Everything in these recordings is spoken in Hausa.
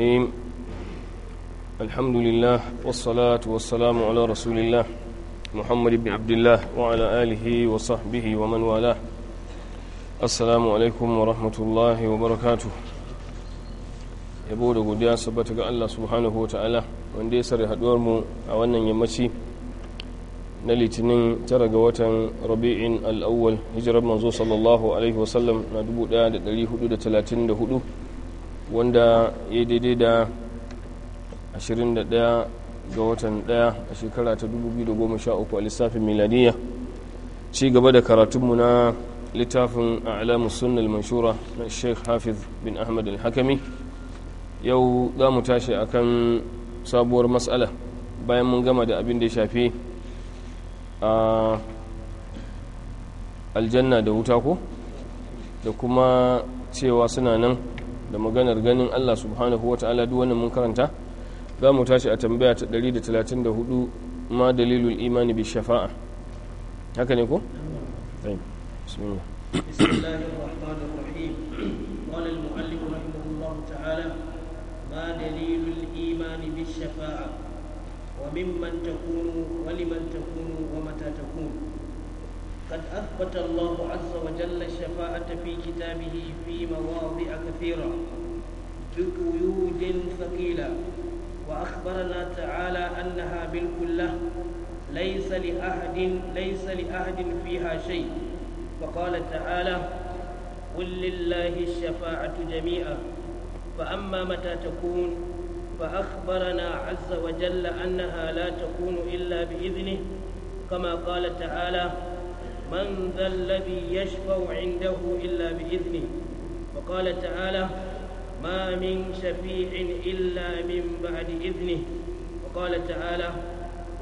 الرحيم الحمد لله والصلاة والسلام على رسول الله محمد بن عبد الله وعلى آله وصحبه ومن wa rahmatullahi wa barakatu yabo da godiya sabbata ga Allah subhanahu wa ta'ala wanda ya sare mu a wannan yammaci na litinin tara ga watan rabi'in al'awwal hijirar manzo sallallahu alaihi wasallam na huɗu. wanda ya daidai da 21 ga watan 1 a shekara ta 2013 a lissafin miladiyya ci gaba da karatunmu na littafin a alamu sunnal manshura na sheikh hafiz bin ahmad al-hakami yau za mu tashi a kan sabuwar matsala bayan mun gama da abin da ya shafi a aljanna da wuta ko da kuma cewa suna nan da maganar ganin Allah subhanahu wa ta'ala duk wannan mun karanta za mu tashi a tambaya ta 134 ma dalilul imani bi shafa'a haka ne ko? bismillah قال المؤلف رحمه الله تعالى ما دليل الإيمان بالشفاعة وممن تكون قد أثبت الله عز وجل الشفاعة في كتابه في مواضع كثيرة بقيود ثقيلة وأخبرنا تعالى أنها بالكلة ليس لأحد ليس لأحد فيها شيء فقال تعالى قل لله الشفاعة جميعا فأما متى تكون فأخبرنا عز وجل أنها لا تكون إلا بإذنه كما قال تعالى من ذا الذي يشفع عنده إلا بإذنه وقال تعالى ما من شفيع إلا من بعد إذنه وقال تعالى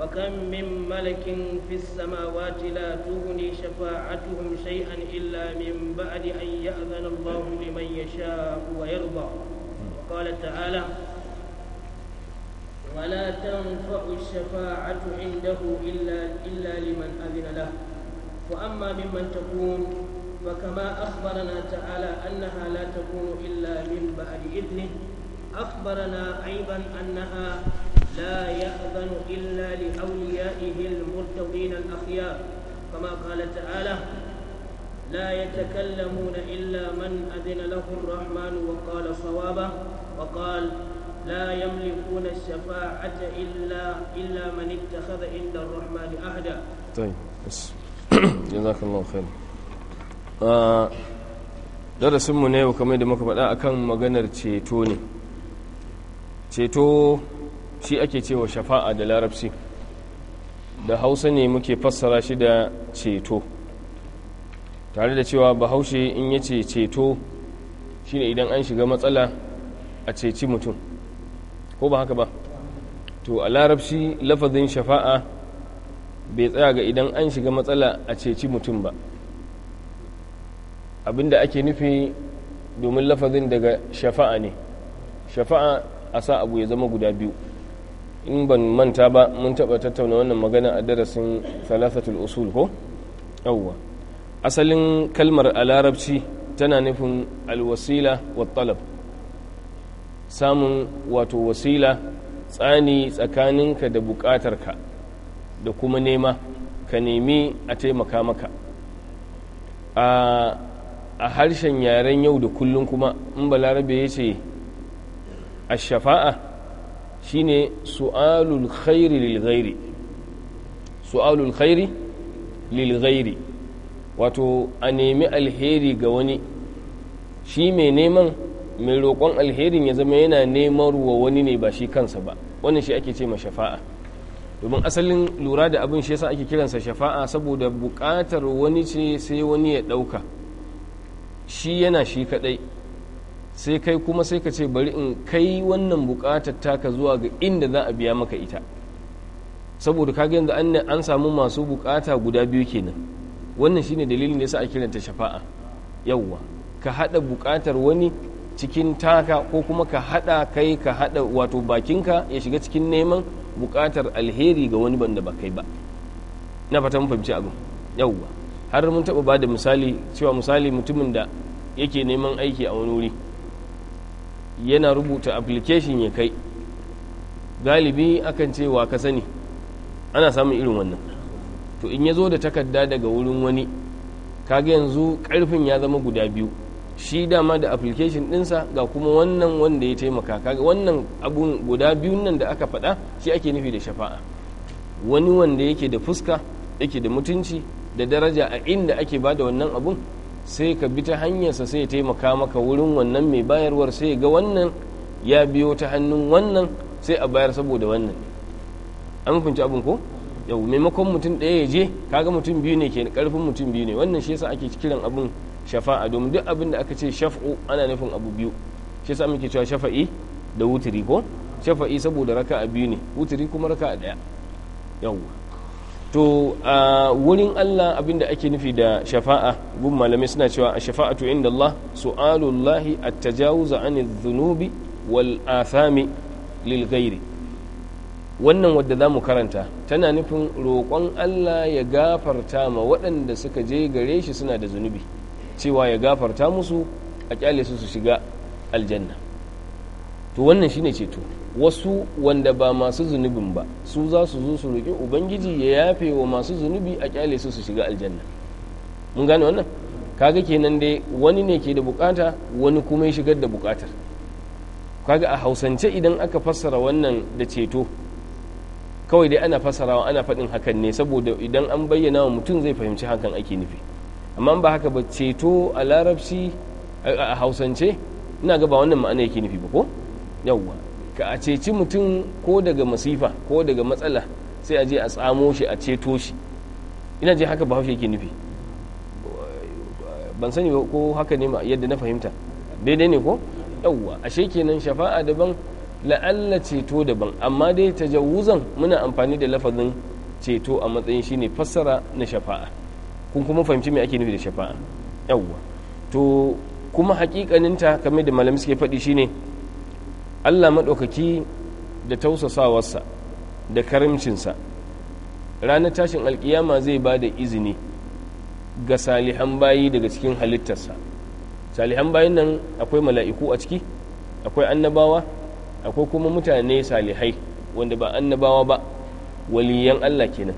وكم من ملك في السماوات لا تغني شفاعتهم شيئا إلا من بعد أن يأذن الله لمن يشاء ويرضى وقال تعالى ولا تنفع الشفاعة عنده إلا, إلا لمن أذن له وأما ممن تكون فكما أخبرنا تعالى أنها لا تكون إلا من بعد إذنه أخبرنا أيضا أنها لا يأذن إلا لأوليائه المرتضين الأخيار كما قال تعالى لا يتكلمون إلا من أذن له الرحمن وقال صوابا وقال لا يملكون الشفاعة إلا إلا من اتخذ عند الرحمن أهدا طيب بس. jazakallahu khair ah, darasinmu ne kamar da muka faɗa akan maganar ceto ne ceto shi ake cewa shafa'a da larabci da hausa ne muke fassara shi da ceto tare da cewa bahaushe in yace ce ceto shine idan an shiga matsala a ceci mutum ko ba haka ba to a larabci lafazin shafa'a bai tsaya ga idan an shiga matsala a ceci mutum ba abinda ake nufi domin lafazin daga shafa'a ne shafa'a a sa abu ya zama guda biyu in ban manta ba mun taɓa tattauna wannan magana a darasin thalathatul usul ko yawwa asalin kalmar alarabci tana nufin alwasila wa talab samun wato wasila tsani tsakaninka da bukatarka da kuma nema ka nemi a taimaka maka a harshen yaren yau da kullum kuma in balarabe ya ce a shafa'a shine su'alul khairi lil ghairi su'alul khairi lil wato a nemi alheri ga wani shi mai neman mai roƙon alherin ya zama yana nemarwa wani ne ba shi kansa ba wannan shi ake ce ma shafa'a domin asalin lura da abin shi yasa ake kiransa shafa'a saboda bukatar wani ce sai wani ya ɗauka shi yana shi kaɗai sai kai kuma sai ka ce bari in kai wannan buƙatar taka zuwa ga inda za a biya maka ita saboda ka yanzu an an samu masu bukata guda biyu kenan wannan shine dalilin da yasa a kiranta shafa'a yawwa ka haɗa bukatar wani cikin taka ko kuma ka haɗa kai ka haɗa wato bakinka ya shiga cikin neman buƙatar alheri ga wani banda ba kai ba na fata mun fahimci abin yawwa har mun taɓa ba da misali cewa misali mutumin da yake neman aiki a wani wuri yana rubuta application ya kai galibi akan ce wa ka sani ana samun irin wannan to in ya zo da takarda daga wurin wani kaga yanzu karfin ya zama guda biyu shi dama da application dinsa ga kuma wannan wanda ya taimaka kaga wannan abun guda biyun nan da aka faɗa shi ake nufi da shafa'a wani wanda yake da fuska yake da mutunci da daraja a inda ake ba da wannan abun sai ka bi ta hanyarsa sai ya taimaka maka wurin wannan mai bayarwar sai ga wannan ya biyo ta hannun wannan sai a bayar saboda wannan an kunci abin ko yau maimakon mutum ɗaya ya je kaga mutum biyu ne ke karfin mutum biyu ne wannan shi yasa ake kiran abun. shafa'a domin duk abin da aka ce shaf'u ana nufin abu biyu shi yasa muke cewa shafa'i da wuturi ko shafa'i saboda raka a biyu ne wuturi kuma raka a daya yawwa to a wurin Allah abin da ake nufi da shafa'a gun malamai suna cewa a shafa'atu inda Allah su'alullahi at-tajawuza anil dhunubi wal athami lil ghairi wannan wadda za mu karanta tana nufin roƙon Allah ya gafarta ma waɗanda suka je gare shi suna da zunubi cewa ya gafarta musu a kyale su su shiga aljanna to wannan shine ceto wasu wanda ba masu zunubin ba su za su zo su roƙi ubangiji ya yafe wa masu zunubi a kyale su su shiga aljanna mun gane wannan kaga kenan dai wani ne ke da bukata wani kuma ya shigar da bukatar kaga a hausance idan aka fassara wannan da ceto kawai dai ana fassarawa ana faɗin hakan ne saboda idan an bayyana wa mutum zai fahimci hakan ake nufi amma ba haka ba ceto a larabci a hausance ina ga ba wannan ma'ana yake nufi ba ko yawwa ka a ceci mutum ko daga masifa ko daga matsala sai a je a tsamo shi a ceto shi ina je haka ba hausa yake nufi ban sani ko haka ne yadda na fahimta daidai ne ko yawwa ashe kenan shafa'a daban la'alla ceto daban amma dai ta tajawuzan muna amfani da lafazin ceto a matsayin shine fassara na shafa'a kun kuma fahimci me ake nufi da shafa'a yawwa to kuma hakikaninta kamar da malamai suke faɗi shine Allah maɗaukaki da tausasawarsa da karimcinsa ranar tashin alkiyama zai ba da izini ga salihan bayi daga cikin halittarsa salihan bayin nan akwai mala'iku a ciki akwai annabawa akwai kuma mutane salihai wanda ba annabawa ba waliyan Allah kenan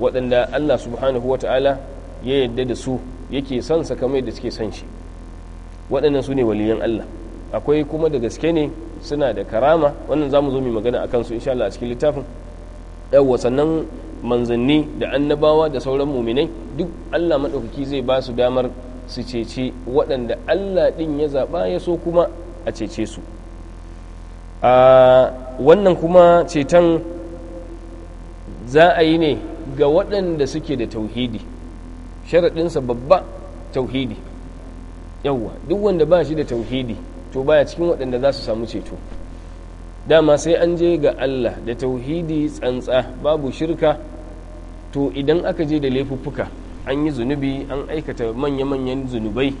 waɗanda Allah subhanahu wa ta'ala ya yadda da su yake son sa kamar da suke son shi waɗannan su ne waliyan Allah akwai kuma da gaske ne suna da karama wannan za mu zo mu magana a kansu insha Allah a cikin littafin yawwa sannan manzanni da annabawa da sauran muminai duk Allah maɗaukaki zai ba su damar su cece waɗanda Allah ɗin ya zaba ya so kuma a cece su a ah, wannan kuma ceton za a yi ne ga waɗanda suke da tauhidi sharaɗinsa babba tauhidi yawwa duk wanda ba shi da tauhidi to baya cikin waɗanda za su samu ceto dama sai an je ga Allah da tauhidi tsantsa babu shirka to idan aka je da laifuffuka an yi zunubi an aikata manya-manyan zunubai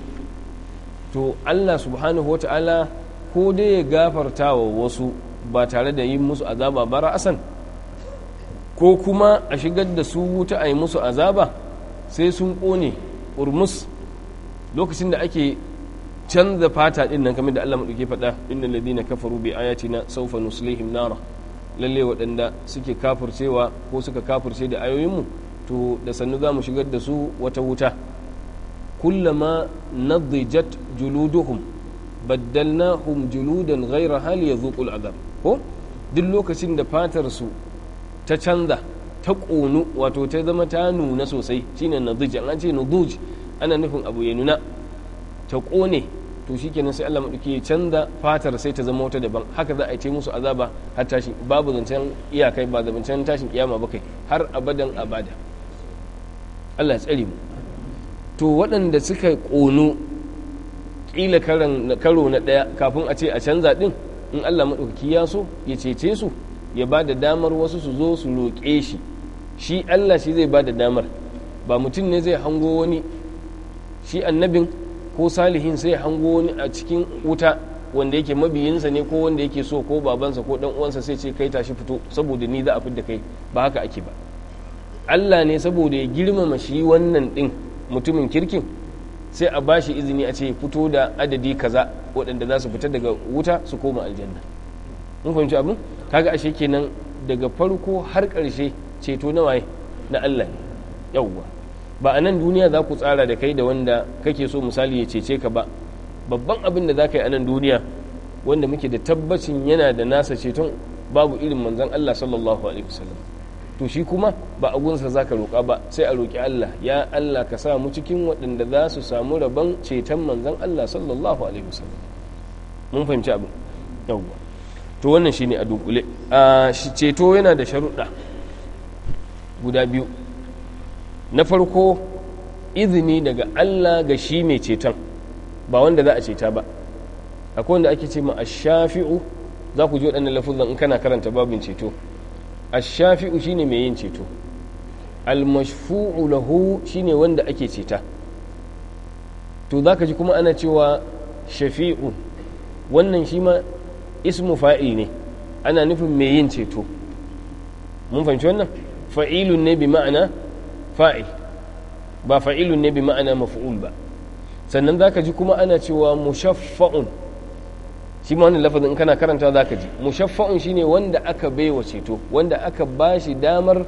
to Allah subhanahu wata'ala ko dai ya gafarta wa wasu ba tare da yin musu azaba bara asan ko kuma a shigar da su wuta a yi musu azaba sai sun ƙone urmus lokacin da ake canza fata ɗin nan kamar da Allah maɗuke faɗa inda ladina kafaru bi na saufa nuslihim nara lalle waɗanda suke kafircewa ko suka kafirce da ayoyinmu to da sannu za mu shigar da su wata wuta kullama nadijat juluduhum baddalnahum juludan ghayra hal yazuqul azab ko duk lokacin da fatar su ta canza ta ƙonu wato ta zama ta nuna sosai shine naduj an ce naduj ana nufin abu ya nuna ta ƙone to shikenan sai Allah madauki ya canza fatar sai ta zama wata daban haka za a ce musu azaba har tashi babu zancen iyakai ba zancen tashin kiyama ba kai har abadan abada Allah ya tsare mu to waɗanda suka ƙonu ƙila karo na ɗaya kafin a ce a canza ɗin in Allah maɗaukaki ya so ya cece su ya ba da damar wasu su zo su roƙe shi shi Allah shi zai ba da damar ba mutum ne zai hango wani shi annabin ko salihin sai hango wani a cikin wuta wanda yake mabiyinsa ne ko wanda yake so ko babansa ko dan uwansa sai ce kai tashi fito saboda ni za a fidda kai ba haka ake ba Allah ne saboda ya girmama shi wannan din mutumin kirkin sai a ba shi izini a ce fito da adadi kaza waɗanda za su fita daga wuta su koma aljanna mun fahimci abin kaga ashe kenan daga farko har karshe ceto na waye na Allah ne yawwa ba a nan duniya za ku tsara da kai da wanda kake so misali ya cece ka ba babban abin da za ka yi a nan duniya wanda muke da tabbacin yana da nasa ceton babu irin manzon Allah sallallahu alaihi wasallam to shi kuma ba a gunsa za ka roƙa ba sai a roƙi Allah ya Allah ka sa mu cikin waɗanda za su samu rabon ceton manzon Allah sallallahu alaihi wasallam mun fahimci abin yawwa to wannan shine a dunkule ceto yana da sharuɗa guda biyu na farko izini daga allah ga shi mai ceton ba wanda za a ceta ba akwai wanda ake ce ma a shafi'u za ku ji waɗannan lafuzan in kana karanta babin ceto A shafi'u shi ne mai yin ceto almashfu'u lahu shine wanda ake ceta to za ka ji kuma ana cewa shafi'u wannan shi ma ismu fa'i ne ana nufin mai yin ceto mun fahimci wannan fa'ilun ne bi ma'ana fa'il ba fa'ilun ne bi ma'ana maf'ul ba sannan za ka ji kuma ana cewa mushaffa'un shi ma wannan lafazin in kana karanta ka ji mushaffa'un ne wanda aka baiwa ceto wanda aka ba shi damar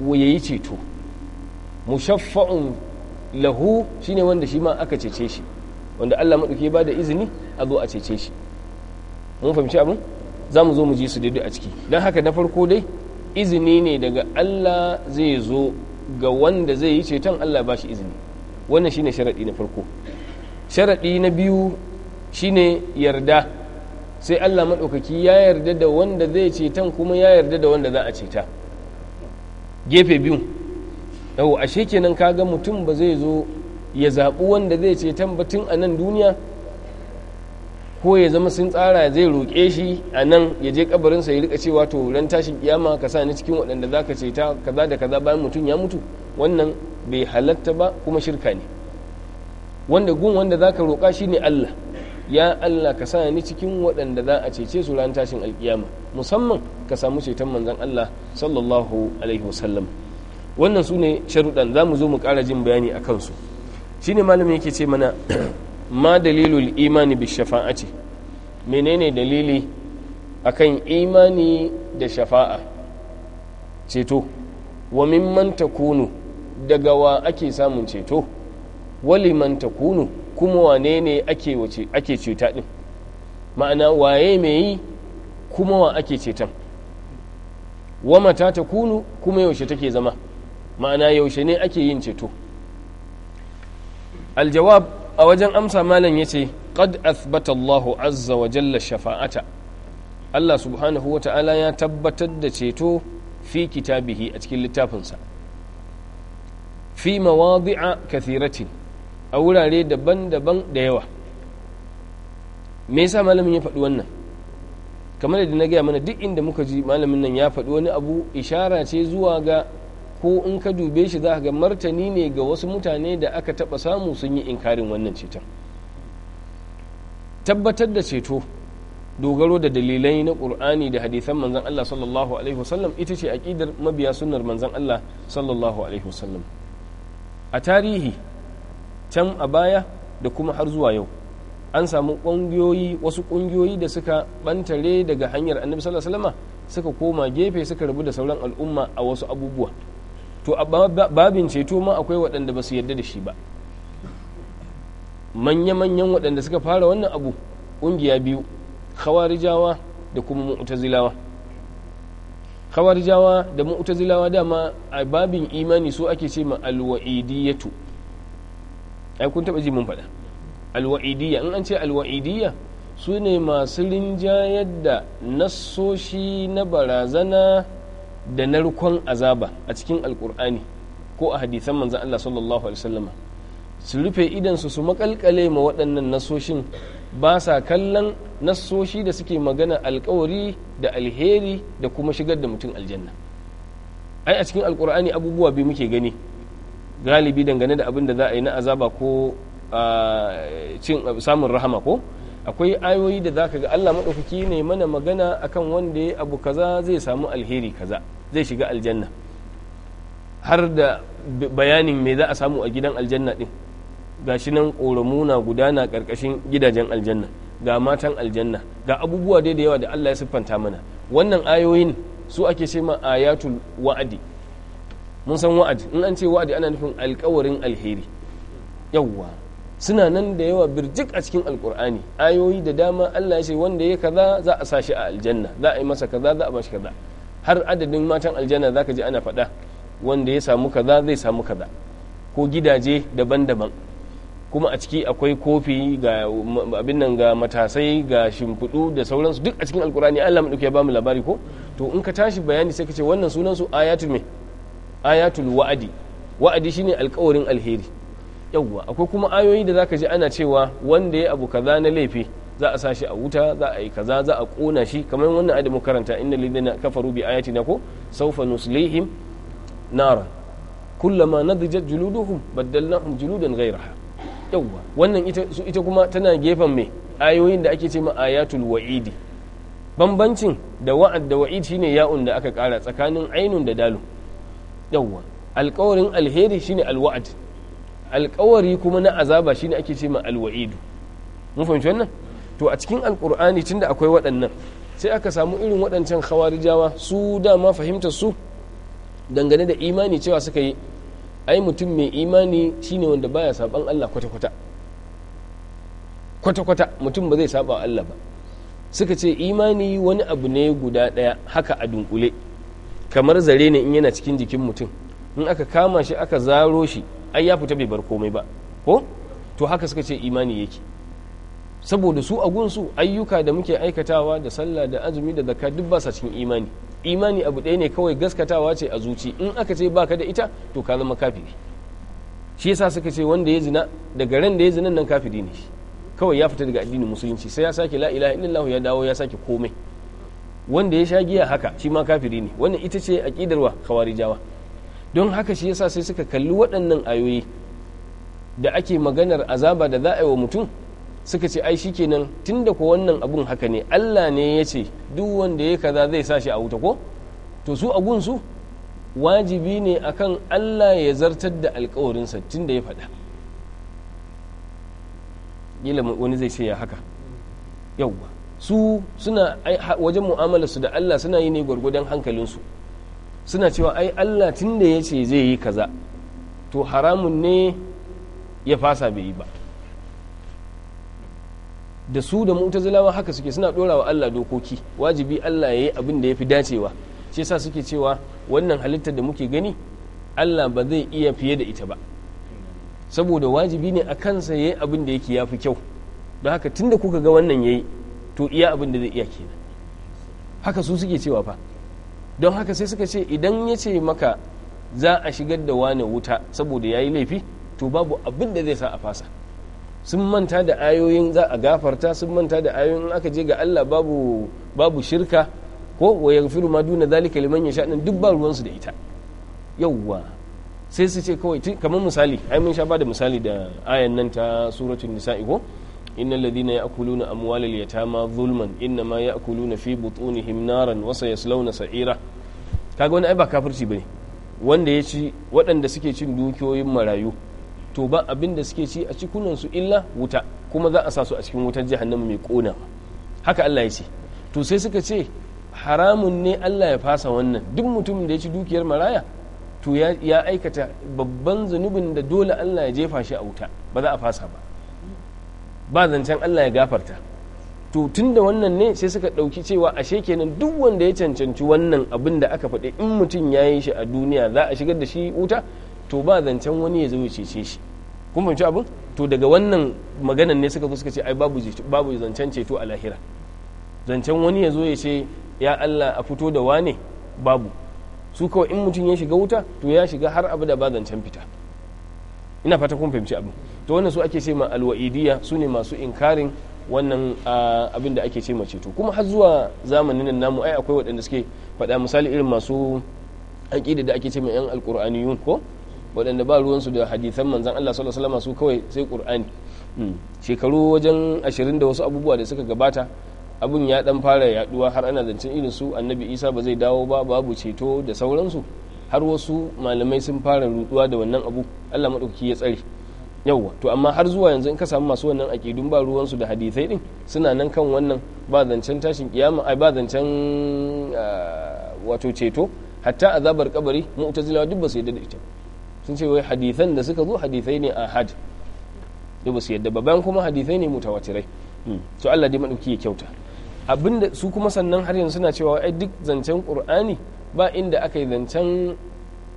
yayi ceto mushaffa'un lahu shi ne wanda shi ma aka cece shi wanda Allah maɗauki ba da izini a zo a cece shi mun fahimci abin za mu zo mu ji su daidai a ciki don haka na farko dai izini ne daga allah zai zo ga wanda zai yi ceton allah ba shi izini wannan shine sharaɗi na farko sharaɗi na biyu shine yarda sai allah maɗaukaki ya yarda da wanda zai ceton kuma ya yarda da wanda za a ceta gefe biyu yau ashe kenan kaga mutum ba zai zo ya zaɓi wanda zai ceton batun a nan duniya ko ya zama sun tsara zai roƙe shi a nan ya je kabarinsa ya rika cewa to ran tashin kiyama ka sa ni cikin waɗanda za ka ce ta kaza da kaza bayan mutum ya mutu wannan bai halatta ba kuma shirka ne wanda gun wanda za ka roƙa shi ne allah ya allah ka sa ni cikin waɗanda za a cece su ran tashin alkiyama musamman ka samu ceton manzon allah sallallahu alaihi wasallam wannan su ne sharuɗan za mu zo mu ƙara jin bayani a kansu shine malamin yake ce mana ma dalilul imani bi shafa'ati menene dalili akan imani da shafa'a ceto wa mimman takunu daga wa ake samun ceto wali man takunu kuma wane ne ake wace ake ceta din ma'ana waye mai yi kuma wa ake ceton wa mata takunu kuma yaushe take zama ma'ana yaushe ne ake yin ceto aljawab a wajen amsa malam ya qad athbata Allah azza wa jalla shafa'ata Allah subhanahu wa ta'ala ya tabbatar da ceto fi kitabihi a cikin littafinsa fi mawadi'a kathiratin a wurare daban-daban da yawa me yasa malamin ya faɗi wannan kamar da na gaya mana duk inda muka ji malamin nan ya faɗi wani abu ishara ce zuwa ga ko in ka dube shi za ga martani ne ga wasu mutane da aka taba samu sun yi inkarin wannan ceton tabbatar da ceto dogaro da dalilai na ƙur'ani da hadisan manzan Allah sallallahu alaihi wasallam ita ce aƙidar mabiya sunnar manzan Allah sallallahu alaihi wasallam a tarihi can a baya da kuma har zuwa yau an samu ƙungiyoyi wasu ƙungiyoyi da suka ɓantare daga hanyar annabi sallallahu alaihi wasallam suka koma gefe suka rabu da sauran al'umma a wasu abubuwa to a babin ceto ma akwai waɗanda ba su yarda da shi ba manya-manyan waɗanda suka fara wannan abu ƙungiya biyu khawarijawa da kuma mu'tazilawa khawarijawa da mu'tazilawa dama a babin imani su ake ce ma alwa'idiyatu ai kun taɓa ji mun faɗa alwa'idiyya in an ce alwa'idiyya su ne masu rinjayar da nasoshi na barazana da narkon azaba a cikin alkur'ani ko a hadisan manzan Allah sallallahu alaihi wasallama su rufe idansu su makalkale ma waɗannan nasoshin ba sa kallon nasoshi da suke magana alkawari da alheri da kuma shigar da mutum aljanna ai a cikin alkur'ani abubuwa biyu muke gani galibi dangane da abin da za a yi na azaba ko cin samun rahama ko akwai ayoyi da za ka ga Allah maɗaukaki ne mana magana akan wanda abu kaza zai samu alheri kaza zai shiga aljanna har da bayanin me za a samu a gidan aljanna din ga shi nan ƙoramu na gudana ƙarƙashin gidajen aljanna ga matan aljanna ga abubuwa dai da yawa da Allah ya siffanta mana wannan ayoyin su ake ce ma ayatul wa'adi mun san wa'adi in an ce wa'adi ana nufin alkawarin alheri yawwa suna nan da yawa birjik a cikin alkur'ani ayoyi da dama Allah ya ce wanda ya kaza za a sa shi a aljanna za a yi masa kaza za a bashi kaza har adadin matan aljanna zaka je ana faɗa wanda ya samu kaza zai samu kaza ko gidaje daban-daban kuma a ciki akwai kofi ga abin nan ga matasai ga shimfiɗu da sauransu duk a cikin alkurani Allah mu ya bamu labari ko to in ka tashi bayani sai ka ce wannan sunan su ayatul me ayatul wa'adi wa'adi shine alkawarin alheri yawwa akwai kuma ayoyi da zaka ji ana cewa wanda ya abu kaza na laifi za a sashi a wuta za a yi kaza za a kona shi kamar wannan mu karanta inna lidina kafaru bi na ko sawfa nuslihim nara kullama nadijat juluduhum baddalnahum juludan ghayraha yawwa wannan ita ita kuma tana gefen me ayoyin da ake ce ma ayatul wa'idi bambancin da wa'ad da wa'id shine ya'un da aka kara tsakanin ainun da dalun yawwa alƙawarin alheri shine alwa'ad alƙawari kuma na azaba shine ake ce ma alwa'idu mun fahimci wannan to a cikin alkur'ani tun da akwai waɗannan sai aka samu irin waɗancan khawarijawa su dama fahimtar su dangane da imani cewa suka yi ai mutum mai imani shine wanda baya saban Allah kwata-kwata kwata-kwata mutum ba zai saba Allah ba suka ce imani wani abu ne guda ɗaya haka a dunkule kamar zare ne in yana cikin jikin mutum in aka kama shi aka zaro shi ai ya fita bai bar komai ba ko to haka suka ce imani yake saboda su a gunsu ayyuka da muke aikatawa da sallah da azumi da zakka duk ba sa cikin imani imani abu ɗaya ne kawai gaskatawa ce a zuci in aka ce baka da ita to ka zama kafiri shi yasa suka ce wanda ya zina daga ran da ya zina nan kafiri ne kawai ya fita daga addinin musulunci sai ya sake la ilaha illallah ya dawo ya sake komai wanda ya sha giya haka shi ma kafiri ne wannan ita ce aqidarwa khawarijawa don haka shi yasa sai suka kalli waɗannan ayoyi da ake maganar azaba da za a yi wa mutum suka ce ai shikenan tunda ko wannan abun haka ne Allah ne ya ce duk wanda ya kaza zai sa shi a wuta ko to su a su wajibi ne akan Allah ya zartar da alkawarinsa tunda ya faɗa gila wani zai ce ya haka yauwa su suna wajen mu'amala su da Allah suna yi ne gwargwadon su suna cewa ai Allah tun da ya ce zai yi kaza to haramun ne ya fasa bai yi ba da su da mu'tazilawa haka suke suna dorawa Allah dokoki wajibi Allah ya yi abin da fi dacewa shi yasa suke cewa wannan halittar da muke gani Allah ba zai iya fiye da ita ba saboda wajibi ne a kansa yi abin da yake fi kyau don haka tun da kuka ga wannan ya yi to iya abin da zai iya kenan haka su suke cewa fa don haka sai suka ce idan ya ce maka za a shigar da wane wuta saboda ya yi laifi to babu abin da zai sa a fasa sun manta da ayoyin za a gafarta sun manta da ayoyin in aka je ga Allah babu shirka ko wa firu ma duna zalika liman yasha nan duk ba ruwansu da ita yawwa sai su ce kawai kamar misali ai mun sha ba da misali da ayan nan ta suratul nisa'i ko innal ladina ya'kuluna amwalal yatama zulman ma ya'kuluna fi butunihim naran wa sayaslawna sa'ira kaga wani ai ba kafirci bane wanda ya ci waɗanda suke cin dukiyoyin marayu to ba abin da suke ci a cikunansu illa wuta kuma za a sa su a cikin wutar jahannama mai kona haka Allah ya ce to sai suka ce haramun ne Allah ya fasa wannan duk mutumin da ya ci dukiyar maraya to ya aikata babban zunubin da dole Allah ya jefa shi a wuta ba za a fasa ba ba zancen Allah ya gafarta to tun da wannan ne sai suka ɗauki cewa ashe kenan duk wanda ya cancanci wannan abin da aka faɗi in mutum ya yi shi a duniya za a shigar da shi wuta to ba zancen wani ya zo ya cece shi kun fahimci abin to daga wannan maganan ne suka suka ce ai babu babu zancen ceto a lahira zancen wani ya zo ya ce ya Allah a fito da wane babu su kawai in mutum ya shiga wuta to ya shiga har abu da ba zancen fita ina fata kun fahimci abin to wannan su ake ce ma alwa'idiya su ne masu inkarin wannan abin da ake ce ma ceto kuma har zuwa zamanin nan namu ai akwai waɗanda suke faɗa misali irin masu aƙida da ake ce ma yan alƙur'aniyun ko waɗanda ba ruwansu da hadithan manzan Allah sallallahu alaihi wasallam su kawai sai Qur'ani hmm. shekaru wajen ashirin da wasu abubuwa da suka gabata abun ya dan fara yaduwa har ana zancen irin su annabi Isa ba zai dawo ba babu ceto da sauransu har wasu malamai sun fara ruduwa da wannan abu Allah madaukaki ya tsare yawwa to amma har zuwa yanzu in ka samu masu wannan akidun ba ruwansu da hadisai din suna nan kan wannan ba zancen tashin kiyama ai ba zancen ah, wato ceto hatta azabar kabari mutazila duk ba su yadda da ita sun ce wai hadithan da suka zo hadithai ne a hajj da ba su yadda ba bayan kuma hadithai ne mutawatirai hmm. to Allah dai madauki ya kyauta abinda su kuma sannan har yanzu suna cewa ai duk zancen qur'ani ba inda aka yi zancen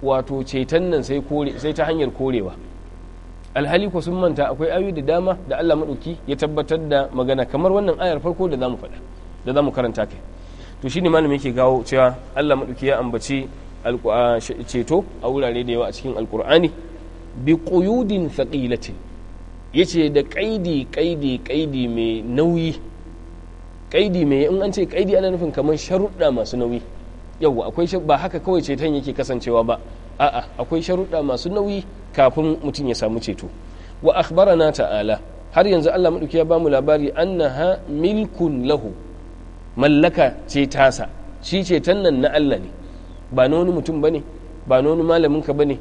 wato ceton nan sai kore sai ta hanyar korewa alhali ko sun manta akwai ayoyi da dama da Allah madauki ya tabbatar da magana kamar wannan ayar farko da zamu faɗa da zamu karanta kai to shine malamin yake gawo cewa Allah madauki ya ambaci ceto a wurare da yawa a cikin alkur'ani bi faƙilatin ya ce da ƙaidi kaidi kaidi mai nauyi kaidi mai in an ce kaidi ana nufin kamar sharuɗa masu nauyi yau akwai ba haka kawai ceton yake kasancewa ba a'a akwai sharuɗa masu nauyi kafin mutum ya samu ceto wa na ta'ala har yanzu Allah madauki ya bamu labari annaha milkun lahu mallaka ce tasa shi ceton nan na Allah ne ba na wani mutum bane ba na wani malamin ka bane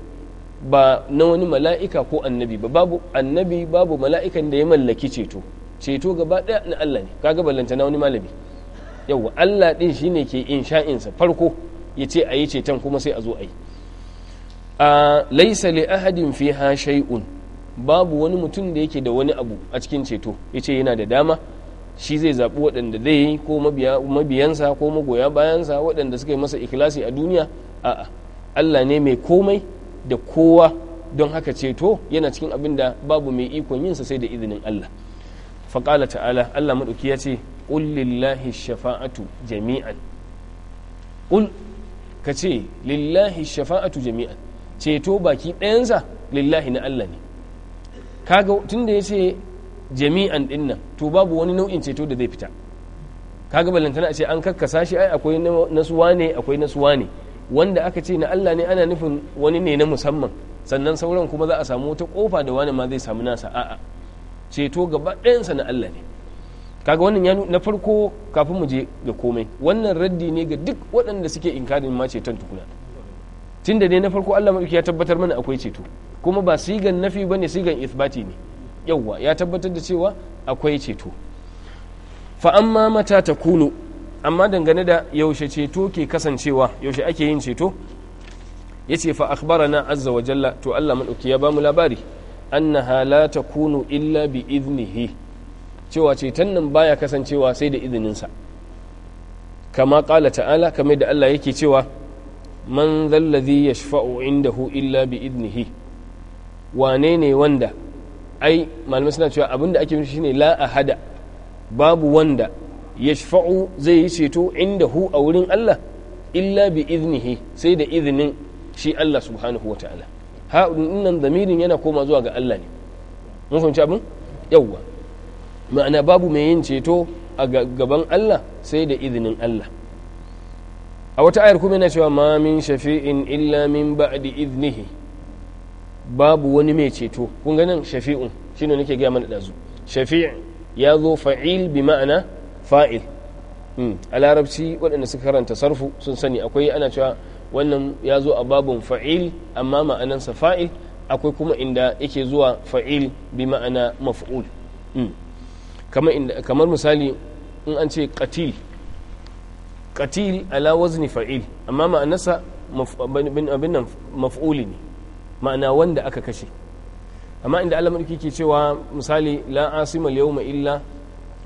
ba na wani mala'ika ko annabi ba babu annabi babu mala'ikan da ya mallaki ceto ceto gaba ɗaya na Allah ne kaga ballanta na wani malami yawwa Allah din shine ke sha'insa farko ya ce a yi ceton kuma sai a zo a yi a laisa ahadin fiha shay'un babu wani mutum da yake da wani abu a cikin ceto yace yana da dama shi zai zaɓi waɗanda zai yi ko mabiyansa ko magoya bayansa waɗanda suka yi masa ikilasi a duniya a'a allah ne mai komai da kowa don haka ceto yana cikin abin da babu mai ikon yinsa sai da izinin allah faƙala ta'ala allah maɗauki ya ce lillahi shafa'atu jami'an ƙul ka ce lillahi shafa'atu jami'an ceto baki ɗayansa lillahi na allah ne kaga tun ya ce jami'an dinnan to babu wani nau'in ceto da zai fita kaga ballantana a ce an kakkasa shi ai akwai nasuwa ne akwai nasuwa ne wanda aka ce na Allah ne ana nufin wani ne na musamman sannan sauran kuma za a samu wata kofa da wani ma zai samu nasa a'a ceto gaba ɗayansa na Allah ne kaga wannan ya na farko kafin mu je ga komai wannan raddi ne ga duk waɗanda suke inkarin ma ceton tukuna tunda ne na farko Allah ya tabbatar mana akwai ceto kuma ba sigan nafi bane sigan isbati ne yawwa ya tabbatar da cewa akwai ceto fa amma mata ta kunu amma dangane da yaushe ceto ke kasancewa yaushe ake yin ceto ya ce fa na azza wa jalla to Allah maɗauki ya bamu labari annaha la takunu illa bi iznihi cewa ceton nan baya kasancewa sai da izininsa kama ƙala ta'ala kamar da Allah yake cewa man zallazi inda hu illa bi iznihi wane ne wanda ai malamai suna cewa abin da ake nufi shine la ahada babu wanda yashfa'u zai yi ceto inda hu a wurin Allah illa bi iznihi sai da izinin shi Allah subhanahu wataala Ha, nan zamirin yana koma zuwa ga Allah ne mun fahimci abin yawwa ma'ana babu mai yin ceto a gaban Allah sai da iznin Allah a wata ayar kuma yana cewa ma min shafi'in illa min ba'di iznihi babu wani mai ceto kun ganin shafi'un shine nake gaya mana dazu shafi' ya zo fa'il bi ma'ana fa'il hmm. a larabci waɗanda suka karanta sarfu sun sani akwai ana cewa wannan ya zo a babun fa'il amma ma'anansa fa'il akwai kuma inda yake zuwa fa'il bi ma'ana maf'ul hmm. kamar misali in an ce qatil qatil ala wazni fa'il amma ma'anarsa abin nan maf'uli ne ma'ana wanda aka kashe amma inda Allah madauki ke cewa misali la asima ma illa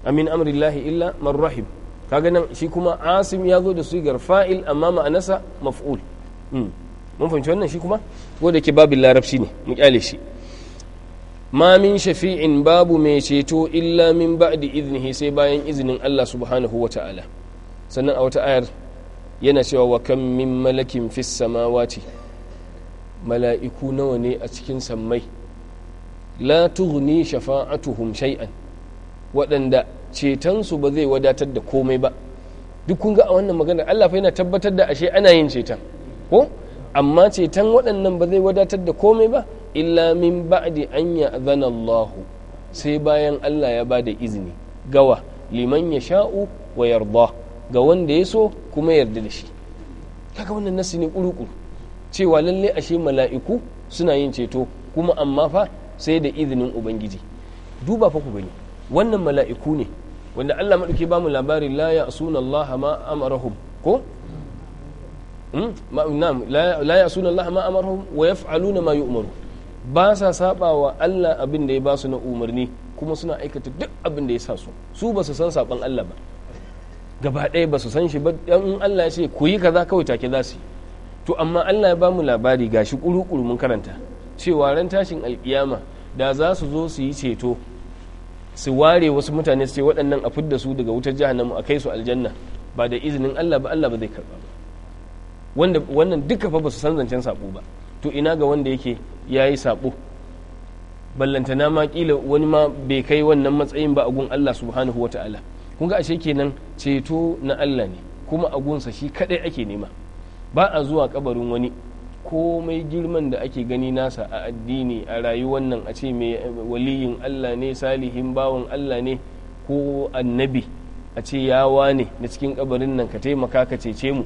amin amrillahi illa man rahib kaga nan shi kuma asim ya zo da sigar fa'il amma ma'anarsa maf'ul hmm. mun fahimci wannan shi kuma wanda ke babin larabci ne mu kyale shi ma min shafi'in babu mai ceto illa min ba'di iznihi sai bayan izinin Allah subhanahu wa ta'ala sannan a wata ayar yana cewa wa kam min malakin fis samawati mala'iku nawa ne a cikin sammai la tughni shafa'atuhum shay'an waɗanda cetonsu ba zai wadatar da komai ba duk kun ga a wannan magana Allah fa yana tabbatar da ashe ana yin ceton ko amma ceton waɗannan ba zai wadatar da komai ba illa min ba'di an ya'zana Allah sai bayan Allah ya ba da izini gawa liman ya sha'u wa yarda ga wanda ya so kuma yarda da shi kaga wannan nasi ne kuru-kuru cewa lalle ashe mala'iku suna yin ceto kuma amma fa sai da izinin ubangiji duba fa ku gani wannan mala'iku ne wanda Allah maɗauki ba mu labari la ya asuna Allah ma amarahum ko hmm? la ya asuna Allah ma amarahum wa yaf'aluna ma yu'maru ba sa saba wa Allah abin da ya ba su na umarni kuma suna aikata duk abin da ya sa su su ba su san saban Allah ba gaba ɗaya ba su san shi ba in Allah ya ce ku yi kaza kawai take za su yi to amma Allah ya bamu labari gashi kuru-kuru mun karanta cewa ran tashin alkiyama da za su zo su yi ceto su ware wasu mutane su ce waɗannan a fidda su daga wutar jahannama a kai su aljanna ba da izinin Allah ba Allah ba zai karba ba wannan duka fa ba su san zancen sabo ba to ina ga wanda yake yi sabo ballantana ma kila wani ma bai kai wannan matsayin ba a gun Allah subhanahu ta'ala kun ga ashe kenan ceto na Allah ne kuma a gunsa shi kadai ake nema ba a zuwa kabarin wani komai girman da ake gani nasa a addini a rayuwar nan a ce mai waliyin Allah ne salihin bawan Allah ne ko annabi a ce yawa ne na cikin kabarin nan ka taimaka ka cece mu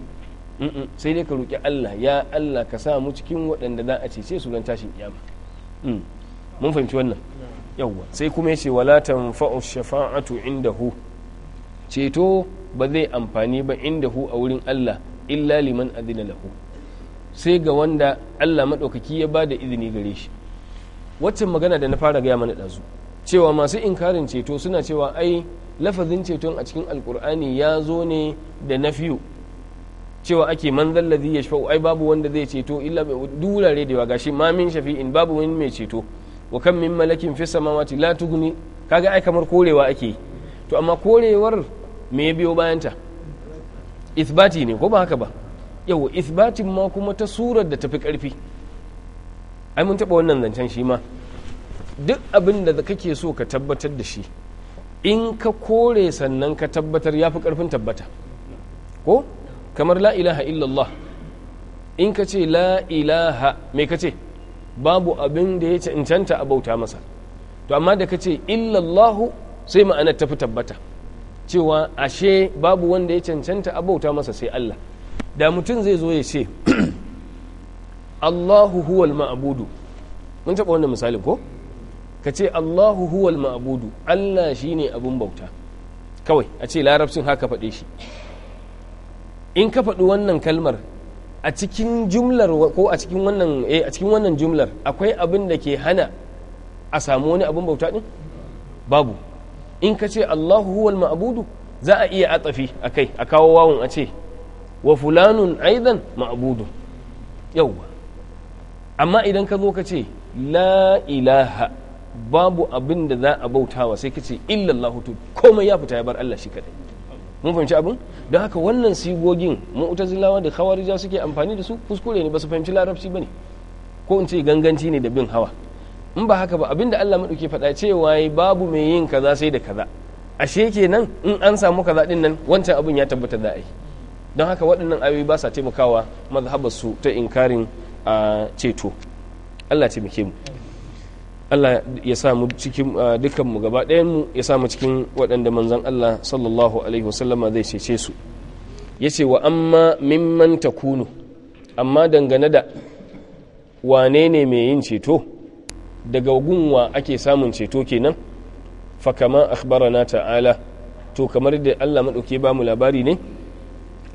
sai dai ka roƙi Allah ya Allah ka sa mu cikin waɗanda za a cece su don tashin kiyama mm. mun fahimci wannan yawa sai kuma ya ce wala tanfa'u shafa'atu indahu ceto ba zai amfani ba inda hu a wurin Allah illa liman adina lahu sai ga wanda Allah maɗaukaki ya bada izini gare shi waccan magana da na fara gaya mana ɗazu cewa masu inkarin ceto suna cewa ai lafazin ceton a cikin alkur'ani ya zo ne da nafiyu cewa ake man zallazi ya shafa ai babu wanda zai ceto illa duk durare da yawa gashi ma min shafi in babu wani mai ceto wa kan min malakin fi samawati la tuguni kaga ai kamar korewa ake to amma korewar me ya biyo bayanta isbati ne ko ba haka ba Yau, isbatin ma kuma ta surar da tafi karfi ai mun taba wannan zancen shi ma duk abin da kake so ka tabbatar da shi in ka kore sannan ka tabbatar ya fi ƙarfin tabbata ko kamar la ilaha illallah in ka ce la ilaha me ka ce babu abin da ya cancanta a bauta masa to amma da ka ce illallahu sai ma'anar tafi tabbata cewa ashe babu wanda ya cancanta abauta masa sai Allah da mutum zai zo ya ce Allahu huwal ma'budu mun taɓa wannan misali ko ka ce Allahu huwal ma'abudu. Allah shine abun bauta kawai a ce larabcin haka faɗe shi in ka faɗi wannan kalmar a cikin jumlar ko a cikin wannan eh a cikin wannan jumlar akwai abin da ke hana a samu wani abun bauta din babu in ka ce Allahu huwal ma'budu za a iya atafi a kai a kawo wawon a ce wa fulanun aidan ma'abudu yauwa amma idan ka zo ka ce la ilaha babu abin da za a bautawa sai ka ce illallahu to komai ya fita ya bar Allah shi kadai mun fahimci abin don haka wannan sigogin mu'tazilawa da khawarija suke amfani da su kuskure ne ba su fahimci larabci bane ko in ce ganganci ne da bin hawa in ba haka ba abinda Allah maɗauki faɗa cewa babu mai yin kaza sai da kaza ashe kenan in an samu kaza din nan wancan abin ya tabbata da ai don haka waɗannan ayoyi ba sa taimakawa mazhabar su ta inkarin ceto Allah taimake mu Allah ya sa mu cikin dukkan mu gaba ɗayan mu ya sa mu cikin waɗanda manzon Allah sallallahu alaihi wasallama zai cece su yace wa amma mimman takunu amma dangane da wane ne mai yin ceto daga gunwa ake samun ceto kenan fa kama akhbarana ta'ala to kamar da Allah madauke ba mu labari ne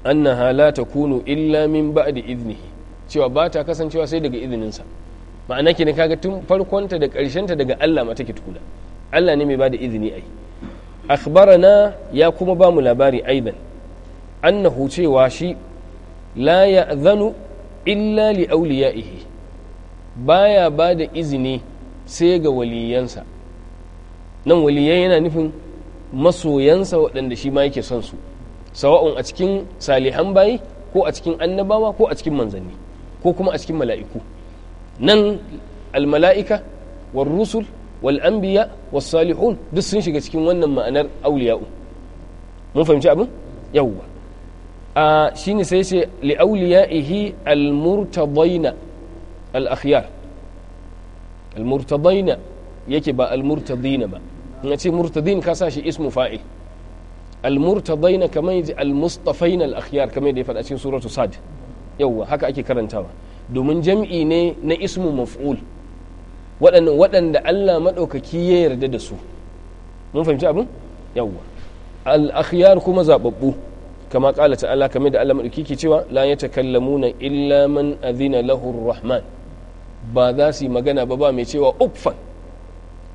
annaha la takunu illa min ba'di idnihi cewa ba ta kasancewa sai daga sa ma'ana kenan kaga tun farkonta da karshen ta daga Allah ma take tukuna Allah ne mai ba da izini ai akhbarana ya kuma ba mu labari aidan annahu cewa shi la ya'zanu illa li awliya'ihi baya ba da izini sai ga waliyansa nan waliyan yana nufin masoyansa waɗanda shi ma yake son su sawa'un a cikin salihan bayi ko a cikin annabawa ko a cikin manzanni ko kuma a cikin mala'iku nan almala'ika wal rusul wal anbiya was salihun duk sun shiga cikin wannan ma'anar auliya'u mun fahimci abin yawwa a shine sai ce li auliya'ihi al murtadaina al akhyar almurtadaina yake ba almurtadina ba in ce murtadin ka sa shi ismu fa'il almurtadaina kamar yaji almustafaina al kamar da ya faɗa cikin suratu sad yawwa haka ake karantawa domin jam'i ne na ismu maf'ul waɗanda waɗanda Allah maɗaukaki ya yarda da su mun fahimci abin yawwa al kuma zababbu kama kala ta'ala kamar da Allah maɗaukaki ke cewa la yatakallamuna illa man azina lahu rahman ba za su yi magana ba ba mai cewa uffan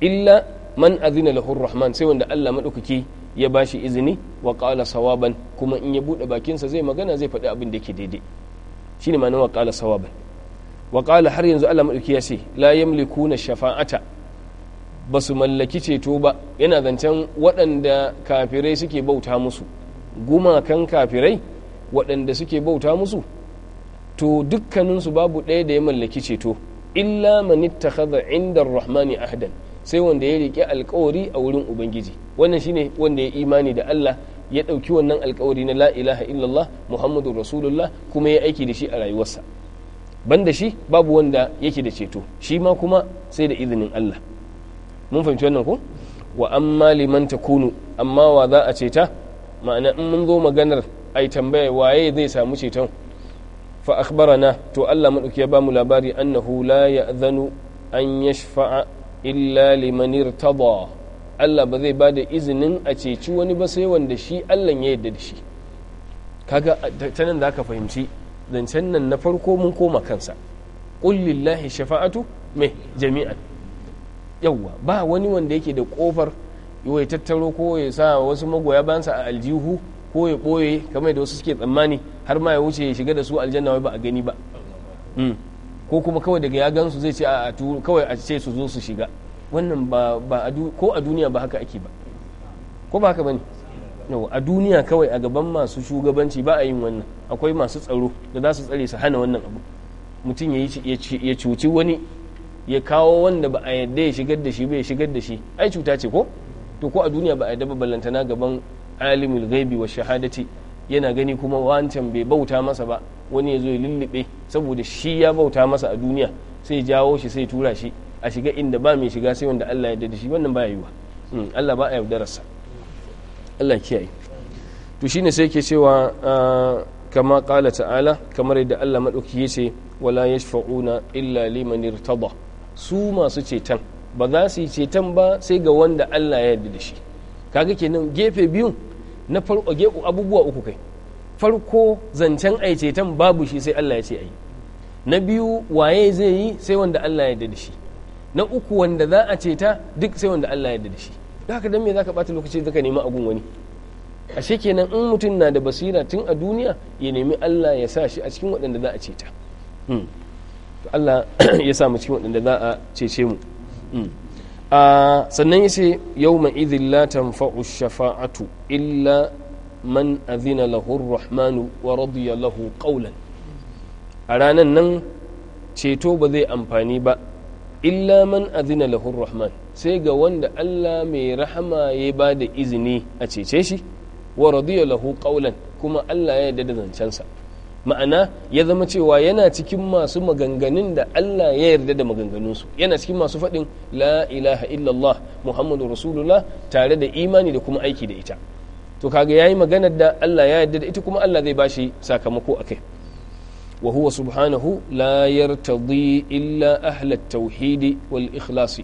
illa man azina lahur rahman sai wanda Allah maɗaukaki ya ba shi izini wa ƙala sawaban kuma in ya buɗe bakinsa zai magana zai faɗi abin da ke daidai shi ne ma'anar wa ƙala sawaban wa ƙala har yanzu Allah maɗauki ya ce la yamliku na shafa'ata basu su mallaki ceto ba yana zancen waɗanda kafirai suke bauta musu gumakan kafirai waɗanda suke bauta musu to dukkaninsu babu ɗaya da ya mallaki ceto illa man ittakhadha inda ar-rahmani ahdan sai wanda ya riƙe alƙawari a wurin ubangiji wannan shine wanda ya imani da Allah ya ɗauki wannan alƙawari na la ilaha illallah muhammadu rasulullah kuma ya aiki da shi a rayuwarsa banda shi babu wanda yake da ceto shi ma kuma sai da izinin Allah mun fahimci wannan ko wa amma liman takunu amma wa za a ceta ma'ana in mun zo maganar ai tambaya waye zai samu ceton fa akhbarana to Allah madauki ya ba mu labari annahu la ya'zanu an yashfa'a illa liman irtada Allah ba zai bada izinin a ceci wani ba sai wanda shi Allah ya yarda da shi kaga ta nan zaka fahimci zancen nan na farko mun koma kansa qul lillahi shafa'atu me jami'an yawa ba wani wanda yake da kofar ya tattaro ko ya sa wasu magoya bansa a aljihu koye ɓoye kamar da wasu suke tsammani har ma ya wuce ya shiga da su aljanna wai ba a gani ba hmm. ko kuma kawai daga ya gansu zai ce a kawai a ce su zo su shiga wannan ba ko a duniya ba haka ake ba ko ba haka bane a duniya kawai a gaban masu shugabanci ba a yin wannan akwai masu tsaro da za su tsare su hana wannan abu mutum ya cuci wani ya kawo wanda ba a yadda ya shigar da shi ba ya shigar da shi ai cuta ce ko to ko a duniya ba a yadda ba ballantana gaban alimul gaibi wa shahadati yana gani kuma wancan bai bauta masa ba wani ya zo ya lullube saboda shi ya bauta masa a duniya sai jawo shi sai tura shi a shiga inda ba mai shiga sai wanda Allah ya da shi wannan ba yi yiwa hmm, Allah ba a yaudararsa Allah kiyaye to shine sai ke cewa ah, kama kala ta'ala kamar yadda Allah madauki yace ce wala yashfa'una illa liman irtada su masu ceton ba za su yi ceton ba sai ga wanda Allah ya yarda da shi kaga kenan gefe biyun na farko abubuwa uku kai farko zancen aicetan babu shi sai Allah ya ce ai na biyu waye zai yi sai wanda Allah ya da shi na uku wanda za a ceta duk sai wanda Allah ya da shi haka dan me zaka bata lokaci zaka nemi agun wani ashe kenan in mutum na da basira tun a duniya ya nemi Allah ya sa shi a cikin waɗanda za a ceta hmm. Allah ya sa mu cikin waɗanda za a cece mu hmm. sannan yau yawma izin la tanfa'u shafa'atu illa man azina lahur rahmanu wa radiya lahu qawlan a ranan nan ceto ba zai amfani ba illa man azina lahur rahman sai ga wanda Allah mai rahama ya ba da izini a cece shi wa radiya lahu qawlan kuma Allah ya yarda da zancensa ma'ana ya zama cewa yana cikin masu maganganun da Allah ya yarda da maganganunsu yana cikin masu faɗin la ilaha illallah muhammadu rasulullah tare da imani da kuma aiki da ita to kaga yayi maganar da Allah ya yarda da ita kuma Allah zai bashi sakamako akai wa huwa subhanahu la yartadi illa ahla at-tauhid wal ikhlasi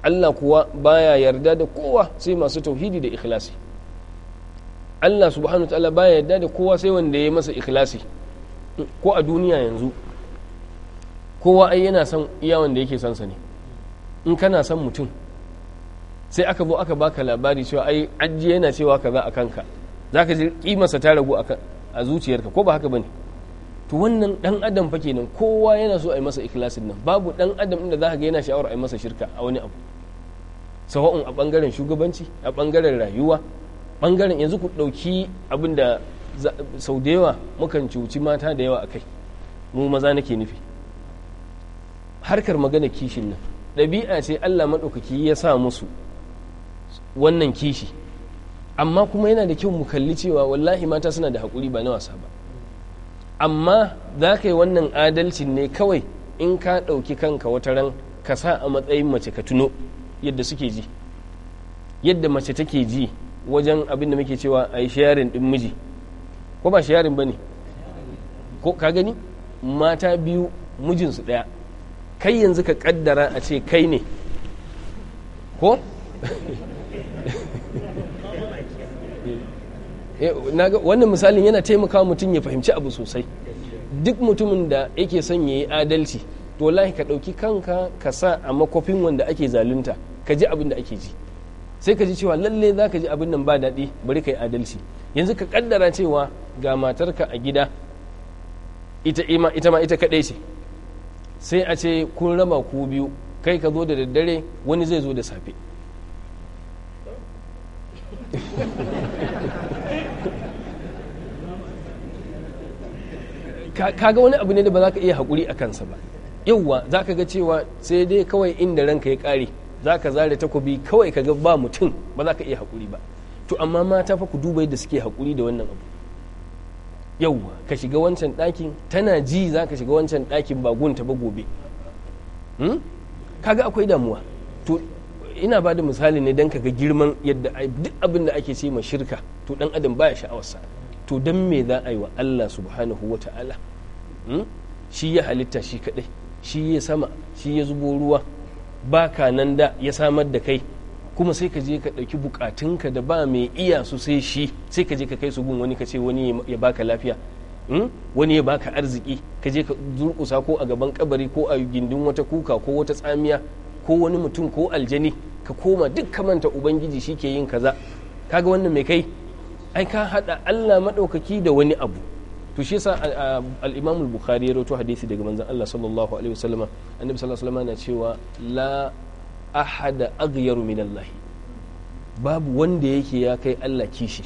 Allah kuwa baya yarda da kowa sai masu tauhidi da ikhlasi Allah subhanahu ta'ala baya yarda da kowa sai wanda ya masa ikhlasi ko a duniya yanzu kowa ai yana son iya wanda yake son sa ne in kana son mutum sai aka zo aka baka labari cewa ai ajiye yana cewa kaza a kanka zaka ji kimarsa ta ragu a zuciyarka ko ba haka bane to wannan dan adam fa kenan kowa yana so a yi masa ikhlasin nan babu dan adam inda za ga yana sha'awar a yi masa shirka a wani abu sawa'un a bangaren shugabanci a bangaren rayuwa bangaren yanzu ku ɗauki abin da sau da yawa mukan cuci mata da yawa a kai mu maza nake nufi harkar magana kishin nan ɗabi'a ce allah maɗaukaki ya sa musu wannan kishi amma kuma yana da kyau mu kalli cewa wallahi mata suna da haƙuri ba na wasa ba amma za ka yi wannan adalcin ne kawai in ka ɗauki kanka wata ran ka sa a matsayin mace ka tuno yadda suke ji yadda mace take ji wajen abin da muke cewa a yi shayarin din miji ko ba shayarin ba ne ko ka gani mata biyu mijinsu ɗaya kai yanzu ka kaddara a ce kai ne ko eh, wannan misalin yana taimakawa mutum ya fahimci abu sosai duk mutumin da yake son ya yi adalci to lahi ka ɗauki kanka ka sa a makofin wanda ake zalunta ka ji abin da ake ji sai ka ji cewa lalle za ka ji abin nan ba daɗi bari ka yi adalci yanzu ka kaddara cewa ga matarka a gida ita ma ita ma ita kaɗai ce sai a ce kun raba ku biyu kai ka zo da daddare wani zai zo da safe kaga wani abu ne da ba za ka iya haƙuri a kansa ba yauwa za ka ga cewa sai dai kawai inda ranka ya ƙare za ka zare takobi kawai ka ga ba mutum ba za ka iya haƙuri ba to amma mata fa ku duba yadda suke haƙuri da wannan abu yauwa ka shiga wancan ɗakin tana ji za ka shiga wancan ɗakin ba gunta ba gobe hmm? kaga akwai damuwa to ina ba da misali ne don ga girman yadda duk abin da ake ce ma shirka to dan adam baya sha'awarsa to dan me za a yi wa Allah subhanahu wa ta'ala hmm? shi ya halitta shi kadai shi ya sama shi ya zubo ruwa ba ka nan da ya samar da kai kuma sai ka je ka ɗauki bukatunka da ba mai iya su sai shi sai ka je ka kai su gun wani ka ce wani ya baka lafiya hmm? wani ya baka arziki ka je ka durkusa ko a gaban kabari ko a gindin wata kuka ko wata tsamiya ko wani mutum ko aljani ka koma duk ka manta ubangiji shi ke yin kaza kaga wannan mai kai ai ka haɗa allah maɗaukaki da wani abu to shi yasa al-Imam al-Bukhari ya rawaito hadisi daga manzon Allah sallallahu alaihi wasallam annabi sallallahu alaihi wasallam yana cewa la ahada aghyaru min Allah babu wanda yake ya kai Allah kishi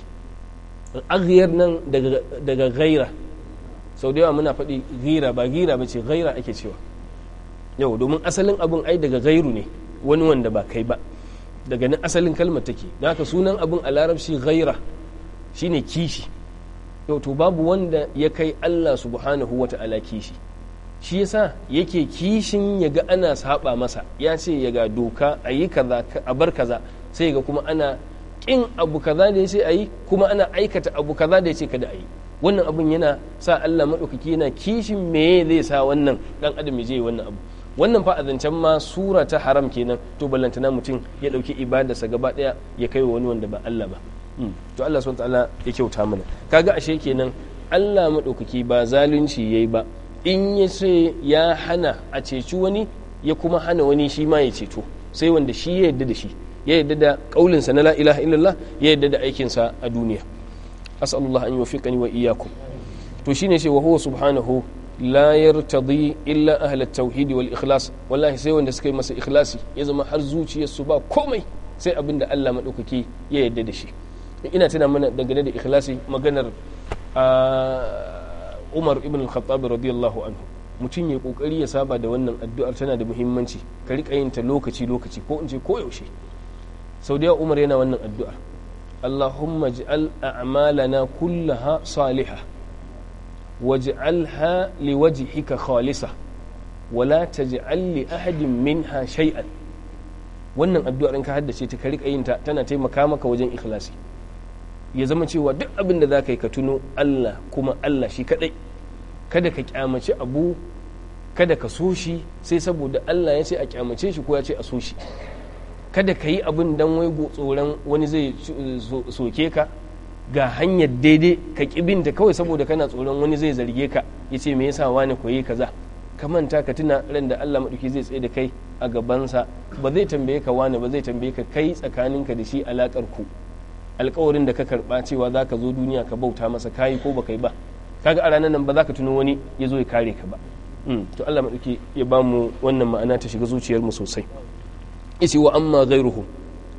aghyar nan daga daga ghaira sau da yawa muna faɗi gira ba gira ba ce gaira ake cewa yau domin asalin abun ai daga gairu ne wani wanda ba kai ba daga nan asalin kalmar take da haka sunan abun a larabci gaira shine kishi to babu wanda ya kai Allah subhanahu wa ta'ala kishi shi yasa yake kishin ya ga ana saba masa ya ce ya ga doka a yi kaza a bar kaza sai ga kuma ana kin abu kaza da ya ce a kuma ana aikata abu kaza da ya ce kada a yi wannan abun yana sa Allah maɗaukaki yana kishin me zai sa wannan dan adam ya je wannan abu wannan fa azancan ma sura ta haram kenan to ballantana mutum ya ɗauki ibadarsa gaba ɗaya ya kai wani wanda ba Allah ba to Allah subhanahu ta'ala ya kyauta mana kaga ashe kenan Allah madaukaki ba zalunci yayi ba in ya ce ya hana a ceci wani ya kuma hana wani shi ma ya ceto sai wanda shi ya yarda da shi ya yadda da kaulinsa na la ilaha illallah ya yarda da aikinsa a duniya as'alullah an yuwaffiqani wa iyyakum to shine shi wa huwa subhanahu la yartadi illa ahli tauhidi wal ikhlas wallahi sai wanda suka yi masa ikhlasi ya zama har zuciyarsu ba komai sai abinda Allah madaukaki ya yarda da shi ina tana mana dangane da ikhlasi maganar umar ibn al-khattab radiyallahu anhu mutum ya kokari ya saba da wannan addu'ar tana da muhimmanci ka rika yin ta lokaci lokaci ko in ce ko yaushe sau da umar yana wannan addu'a allahumma ij'al a'malana kullaha salihah waj'alha liwajhika khalisa wala taj'al li ahadin minha shay'an wannan addu'ar in ka haddace ta ka rika tana taimaka maka wajen ikhlasi ya zama cewa duk abin da za ka yi ka tuno Allah kuma Allah shi kaɗai kada ka kyamaci abu kada ka so shi sai saboda Allah ya ce a kyamace shi ko ya ce a so shi kada ka yi abin dan wai tsoron wani zai soke ka ga hanyar daidai ka kibinta kawai saboda kana tsoron wani zai zarge ka ya ce me yasa wani koyi kaza ka manta ka tuna ran da Allah maɗauki zai tsaye da kai a gabansa ba zai tambaye ka wani ba zai tambaye ka kai tsakaninka da shi alakar ku alkawarin da ka karba cewa za ka zo duniya ka bauta masa kayi ko baka yi ba kaga a ranar nan ba za ka tuno wani ya zo ya kare ka ba mm, to Allah maɗauki ya ba mu wannan ma'ana ta shiga zuciyarmu sosai isi wa amma ghairuhu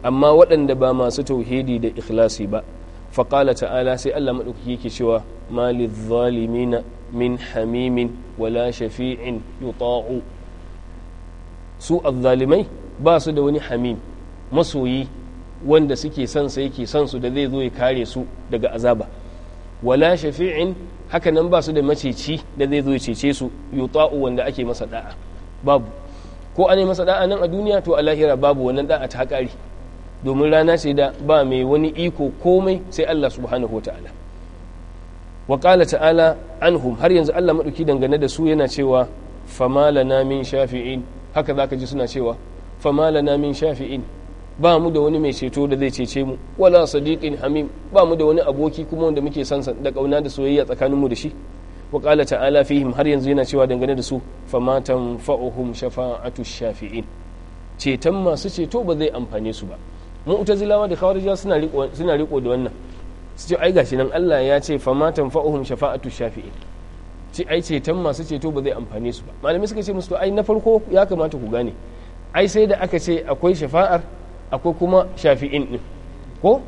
amma waɗanda ba masu tauhidi da ikhlasi ba faƙala ta'ala sai Allah maɗauki yake cewa mali zalimina min hamimin wala shafi'in yuta'u su azzalimai ba su da wani hamim masoyi wanda suke son sa yake son su da zai zo ya kare su daga azaba wala shafi'in haka nan ba su da maceci da zai zo ya cece su yuta'u wanda ake masa da'a babu ko an yi masa da'a nan a duniya to a lahira babu wannan da'a ta kare domin rana ce da ba mai wani iko komai sai Allah subhanahu wata'ala ta'ala wa qala ta'ala anhum har yanzu Allah madauki dangane da su yana cewa famala min shafi'in haka zaka ji suna cewa famala namin min shafi'in ba mu da wani mai ceto da zai cece mu wala sadiqin hamim ba mu da wani aboki kuma wanda muke san da kauna da soyayya tsakaninmu da shi wa qala ta'ala fihim har yanzu yana cewa dangane da su famatan fa'uhum shafa'atu shafi'in ceton masu ceto ba zai amfane su ba mu mu'tazilawa da khawarija suna riko suna riko da wannan su ce ai gashi nan Allah ya ce famatan fa'uhum shafa'atu shafi'in ce ai ceton masu ceto ba zai amfane su ba malamai suka ce musu ai na farko ya kamata ku gane ai sai da aka ce akwai shafa'ar akwai kuma shafi'in ɗin ko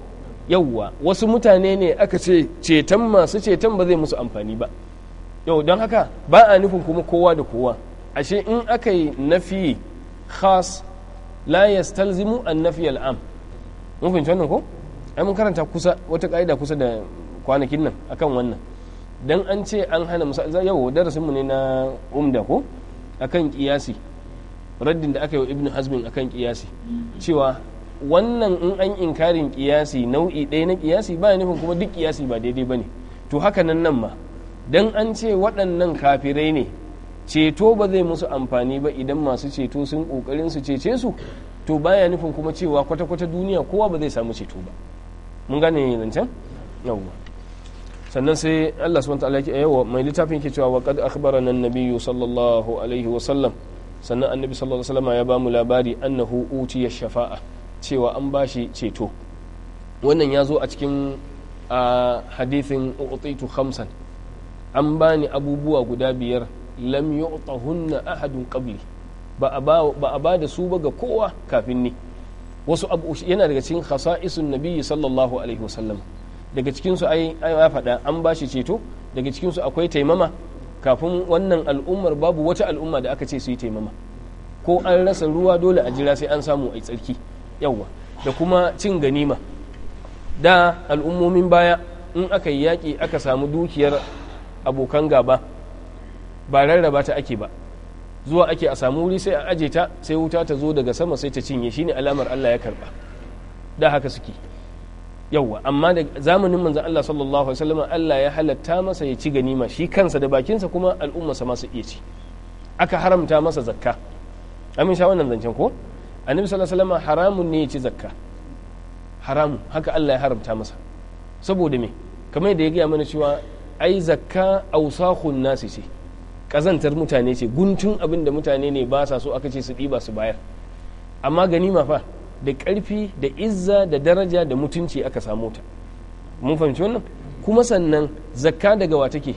yauwa wasu mutane ne aka ce ceton masu ceton ba zai musu amfani ba yau don haka ba a nufin kuma kowa da kowa ashe in aka yi nafi khas la yastalzimu an nafi al'am mun ko ai mun karanta kusa wata ka'ida kusa da kwanakin nan akan wannan dan an ce an hana musa yau darasin mu ne na umda ko akan kiyasi raddin da aka yi wa ibnu hazmin akan kiyasi cewa wannan in an inkarin kiyasi nau'i ɗaya na kiyasi ba nufin kuma duk kiyasi ba daidai ba ne to haka nan nan ma don an ce waɗannan kafirai ne ceto ba zai musu amfani ba idan masu ceto sun ƙoƙarin su cece su to baya nufin kuma cewa kwata-kwata duniya kowa ba zai samu ceto ba mun gane zancen yawwa sannan sai Allah subhanahu wataala yake yawa mai littafin ke cewa waqad akhbarana an-nabiyyu sallallahu alaihi wa sallam sannan annabi sallallahu alaihi wa sallam ya ba mu labari annahu utiya shafa'a cewa an ba shi ceto wannan ya zo a cikin hadithin u'titu khamsan an bani abubuwa guda biyar lam yu'tahunna ahadun qabli ba a ba da su ba ga kowa kafin ni wasu abu yana daga cikin khasa'isun nabiyyi sallallahu alaihi wasallam daga cikin su ai ya faɗa an ba shi ceto daga cikinsu akwai taimama kafin wannan al'ummar babu wata al'umma da aka ce su yi taimama ko an rasa ruwa dole a jira sai an samu ai tsarki yawwa da kuma cin ganima da al'ummomin baya in aka yi yaƙi aka samu dukiyar abokan gaba ba rarraba ta ake ba zuwa ake a samu wuri sai a aje ta sai wuta ta zo daga sama sai ta cinye shi ne alamar Allah ya karba da haka suke yawwa amma da zamanin manzan Allah sallallahu alaihi wasallam Allah ya halatta masa ya ci ganima shi kansa da bakinsa kuma al'ummarsa ma su iya ci aka haramta masa zakka amin sha wannan zancen ko annabi sallallahu alaihi wasallam haramun ne ya ci zakka haramun haka Allah ya haramta masa saboda me kamar da ya gaya mana cewa ai zakka ausakhun nasi ce kazantar mutane ce guntun abin da mutane ne ba sa so aka ce su ɗiba su bayar amma gani ma fa da karfi da izza da daraja da mutunci aka samu ta mun fahimci wannan kuma sannan zakka daga wa take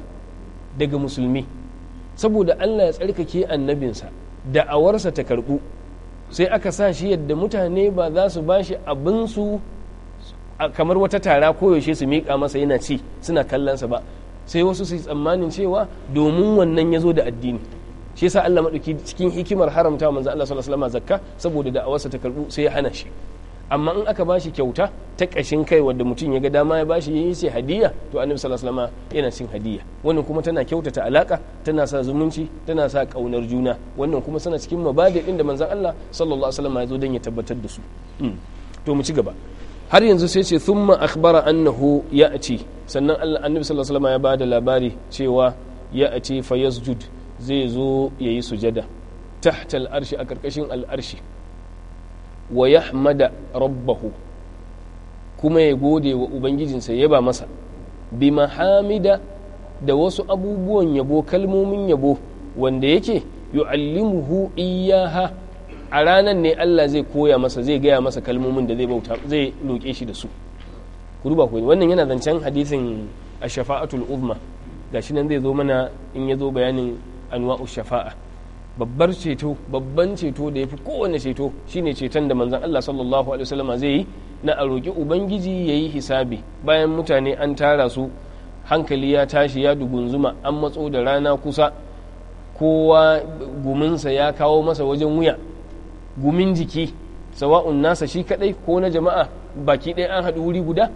daga musulmi saboda Allah ya tsarkake annabinsa da'awarsa ta karɓu sai aka sa shi yadda mutane ba za su ba shi abinsu kamar wata tara koyaushe su miƙa masa yana ci suna kallonsa ba sai wasu su tsammanin cewa domin wannan ya zo da addini shi yasa Allah maɗauki cikin hikimar haramta manzo Allah sallallahu alaihi wasallam zakka saboda da'awarsa ta karbu sai ya hana shi amma in aka bashi kyauta ta kashin kai wanda mutum ya ga dama ya bashi yayi sai hadiya to annabi sallallahu alaihi wasallam yana cin hadiya wannan kuma tana kyautata alaka tana sa zumunci tana sa kaunar juna wannan kuma suna cikin mabadi din da manzon Allah sallallahu alaihi wasallam ya zo dan ya tabbatar da su hmm. to mu ci gaba har yanzu sai ce thumma akhbara annahu ya'ti sannan Allah annabi sallallahu alaihi wasallam ya bada labari cewa ya'ti fayasjud zai zo yayi sujada tahtal arshi a karkashin al'arshi. arshi wa yahmada rabbahu kuma ya gode wa ubangijinsa ya ba masa bi mahamida da wasu abubuwan yabo kalmomin yabo wanda yake yu'allimuhu iyyaha a ranar ne Allah zai koya masa zai gaya masa kalmomin da zai bauta zai loke shi da su ku ku wannan yana zancen hadisin a shafaatul uzma gashi nan zai zo mana in ya zo bayanin anwa'u shafa'a babbar ceto babban ceto da ya fi kowane ceto shine ceton da manzon Allah sallallahu alaihi wasallam zai yi na a roƙi ubangiji ya yi hisabi bayan mutane an tara su hankali ya tashi ya dugunzuma an matso da rana kusa kowa guminsa ya kawo masa wajen wuya gumin jiki sawa'un nasa shi kadai ko na jama'a baki ɗaya an haɗu wuri guda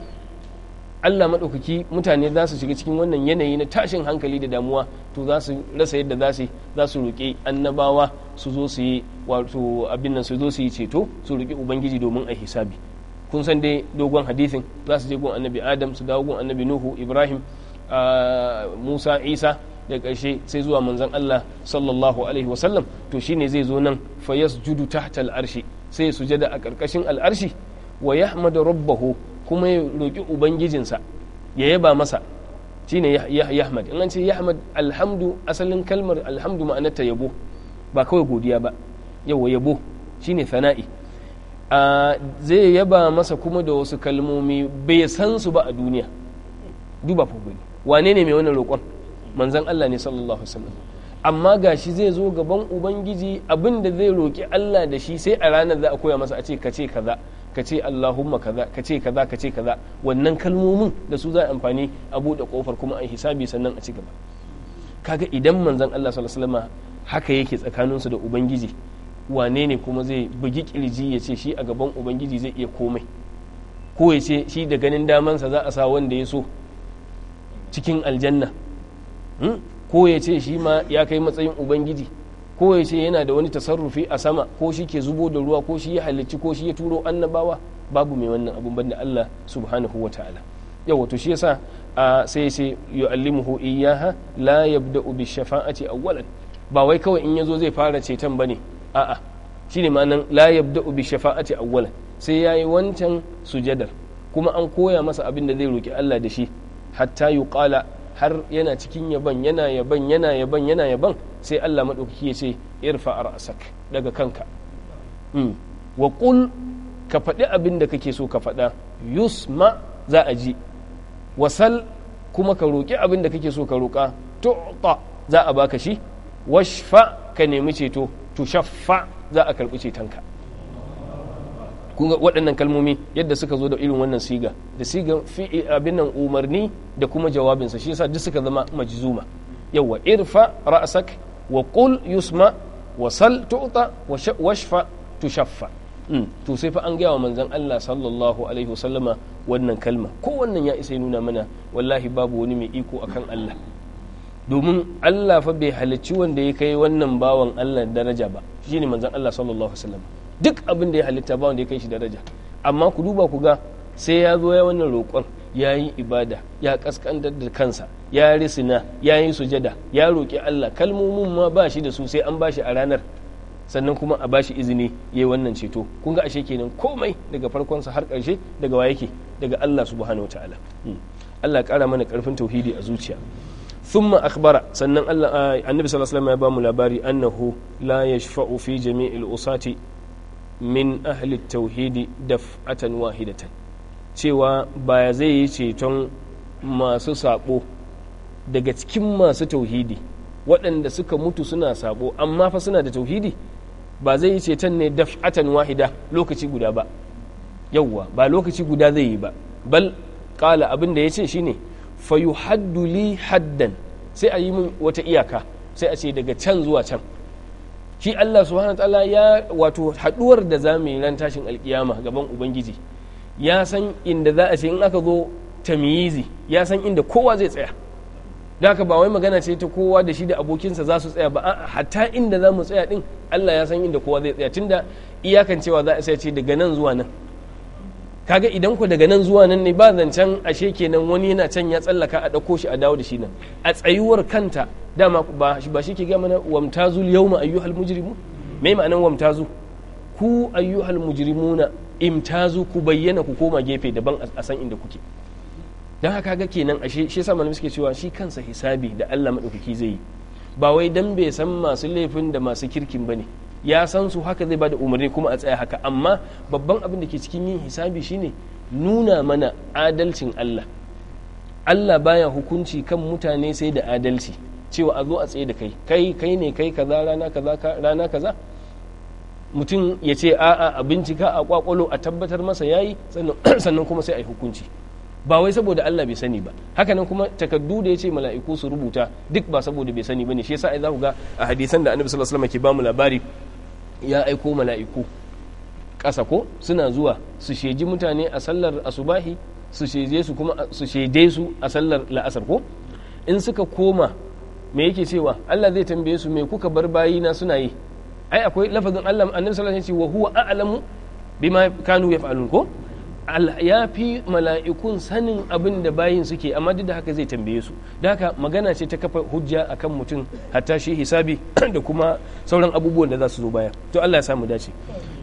allah maɗaukaki mutane za su shiga cikin wannan yanayi na tashin hankali da damuwa to za su rasa yadda za su za su roƙi annabawa su zo su yi wato abin nan su zo su yi ceto su roƙi ubangiji domin a hisabi kun san dai dogon hadisin za su je gun annabi adam su dawo gun annabi nuhu ibrahim ah, musa isa da ƙarshe sai zuwa manzon allah sallallahu alaihi wasallam to shine zai zo nan fa yasjudu tahtal arshi sai su sujada a ƙarƙashin al'arshi wa yahmadu rabbahu kuma ya roƙi ubangijinsa ya yaba masa shine yahmad in an ce yahmad alhamdu asalin kalmar alhamdu ma'anarta yabo ba kawai godiya ba yawa yabo shine sana'i zai yaba masa kuma da wasu kalmomi bai san su ba a duniya duba fagoni wane ne mai wannan roƙon manzan Allah ne sallallahu alaihi wasallam amma gashi zai zo gaban ubangiji abinda zai roƙi Allah da shi sai a ranar za a koya masa a ce ka kace kaza ka ce allahumma kaza ka ce kaza ka ce kaza wannan kalmomin da su za a amfani a buɗe kofar kuma an hisabi sannan a ci gaba kaga idan manzon Allah sallallahu alaihi wasallam haka yake tsakanin su da ubangiji wane ne kuma zai bugi kirji ya ce shi a gaban ubangiji zai iya komai ko ya ce shi da ganin damansa za a sa wanda ya so cikin aljanna hmm? ko ya ce shi ma ya kai matsayin ubangiji ko ya ce yana da wani tasarrufi a sama ko shi ke zubo da ruwa ko shi ya halicci ko shi ya turo annabawa babu mai wannan abun banda Allah subhanahu wa ta'ala yau wato shi yasa sai ya ce yu'allimuhu iyyaha la yabda'u bi shafa'ati awwalan ba wai kawai in yazo zai fara ceton bane a'a shine ma'anan la yabda'u bi shafa'ati awwalan sai yayi wancan sujadar kuma an koya masa abin da zai roki Allah da shi hatta yuqala har yana cikin yaban yana yaban yana yaban yana yaban sai Allah maɗaukaki ya ce irfa ra'sak daga kanka hmm. wa qul ka faɗi abin da kake so ka faɗa yusma za a ji wasal kuma ka roƙi abin da kake so ka roƙa tu'ta za a baka shi washfa ka nemi ceto tushaffa za a karɓi cetonka kun waɗannan kalmomi yadda suka zo da irin wannan siga da siga fi abin nan umarni da kuma jawabinsa shi yasa duk suka zama majzuma yawa irfa ra'sak wa qul yusma wa sal tu'ta wa washfa tushaffa hmm, to sai fa an gaya wa manzon Allah sallallahu alaihi wasallama wannan kalma ko wannan ya isa nuna mana wallahi babu wani mai iko akan Allah domin Allah fa bai halicci wanda ya kai wannan bawan Allah daraja ba shine manzon Allah sallallahu alaihi wasallama duk abin da ya halitta ba wanda ya kai shi daraja amma ku duba ku ga sai ya zo ya wannan roƙon ya yi ibada ya kaskantar da kansa ya risina ya yi sujada ya roƙi Allah kalmomin ma ba shi da su sai an ba shi a ranar sannan kuma a ba shi izini ya yi wannan ceto kun ga ashe kenan komai daga farkonsa har ƙarshe daga wa yake daga Allah subhanahu wa ta'ala hmm. Allah ƙara mana ƙarfin tauhidi a zuciya ثم أخبر سنن الله النبي صلى الله عليه وسلم يبام لباري أنه لا يشفع في جميع min ahli tauhidi daf'atan wahidatan cewa ba zai yi ceton masu sabo daga cikin masu tauhidi waɗanda suka mutu suna sabo amma fa suna da tauhidi ba zai yi ceton ne daf'atan wahida lokaci guda ba yawwa ba lokaci guda zai yi ba bal kala abin da ya ce shine haddu li haddan sai a yi min wata iyaka sai a ce daga can zuwa can shi Allah subhanahu ta'ala ya wato haduwar da za mu yi ran tashin alkiyama gaban ubangiji ya san inda za a ce in aka zo tamyizi ya san inda kowa zai tsaya da aka ba wai magana ce ta kowa da shi da abokinsa za su tsaya ba a hatta inda za mu tsaya din Allah ya san inda kowa zai tsaya tunda iyakan cewa za a sai ce daga nan zuwa nan kaga idan ku daga nan zuwa nan ne ba zancen ashe kenan wani yana can ya tsallaka a ɗauko shi a dawo da shi nan a tsayuwar kanta dama ba shi ke gaya mana wamtazu yawma ayyuhal mujrimu me ma'anan zu ku ayyuhal mujrimuna imtazu ku bayyana ku koma gefe daban a san inda kuke don haka ga kenan ashe shi yasa malamai suke cewa shi kansa hisabi da Allah madaukaki zai yi ba wai dan bai san masu laifin da masu kirkin bane ne ya san su haka zai bada umarni kuma a tsaya haka amma babban abin da ke cikin yin hisabi shine nuna mana adalcin Allah Allah baya hukunci kan mutane sai da adalci cewa a zo a tsaye da kai kai kai ne kai kaza rana kaza rana kaza mutum ya ce a'a a bincika a kwakwalo a tabbatar masa yayi sannan kuma sai a yi hukunci ba wai saboda Allah bai sani ba hakanan kuma takaddu da ya ce mala'iku su rubuta duk ba saboda bai sani bane shi yasa ai za ku ga a hadisan da Annabi sallallahu alaihi wasallam ke ba mu labari ya aiko mala'iku ƙasa ko suna zuwa su sheji mutane a sallar asubahi su sheje su kuma su sheje su a sallar la'asar ko in suka koma me yake cewa Allah zai tambaye su me kuka bar bayina suna yi ai akwai lafazin Allah annabi sallallahu alaihi wasallam wa huwa a'lamu bima kanu yaf'alun ko ya fi mala'ikun sanin abin da bayin suke amma duk da haka zai tambaye su da haka magana ce ta kafa hujja akan mutum hatta shi hisabi da kuma sauran abubuwan da za su zo baya to Allah ya samu dace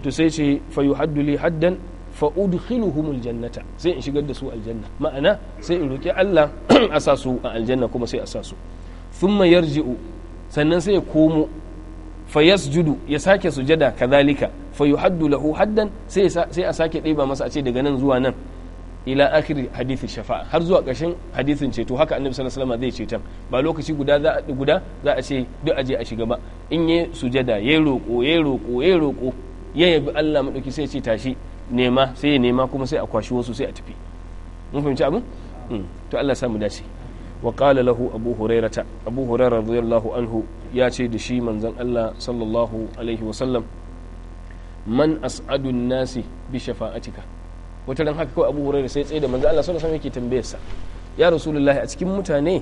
to sai ce fa yuhaddu li haddan fa udkhiluhumul jannata sai in shigar da su aljanna ma'ana sai in roki Allah a sa su a aljanna kuma sai a sa su thumma yarji'u sannan sai ya komo fayasjudu ya sake sujada kazalika fayu yuhaddu lahu haddan sai a sake ɗeba masa a ce daga nan zuwa nan ila akhir hadithin shafa'a har zuwa ƙarshen hadithin ceto haka annabi sallallahu alaihi wasallam zai ceton ba lokaci guda za a guda za a ce duk aje a shiga ba in yi sujada yayi roko yayi roko yayi roko ya yabi Allah madauki sai ce tashi nema sai ya nema kuma sai a kwashi wasu sai a tafi mun fahimci abin hmm. to Allah ya samu dace wa qala lahu abu hurairata abu hurairah radiyallahu anhu ya ce da shi manzon Allah sallallahu alaihi wasallam man as'adun nasi bi shafa'atika wata ran haka kawai abu da sai tsaye da manzon Allah sallallahu alaihi wasallam yake tambayar sa ya rasulullahi a cikin mutane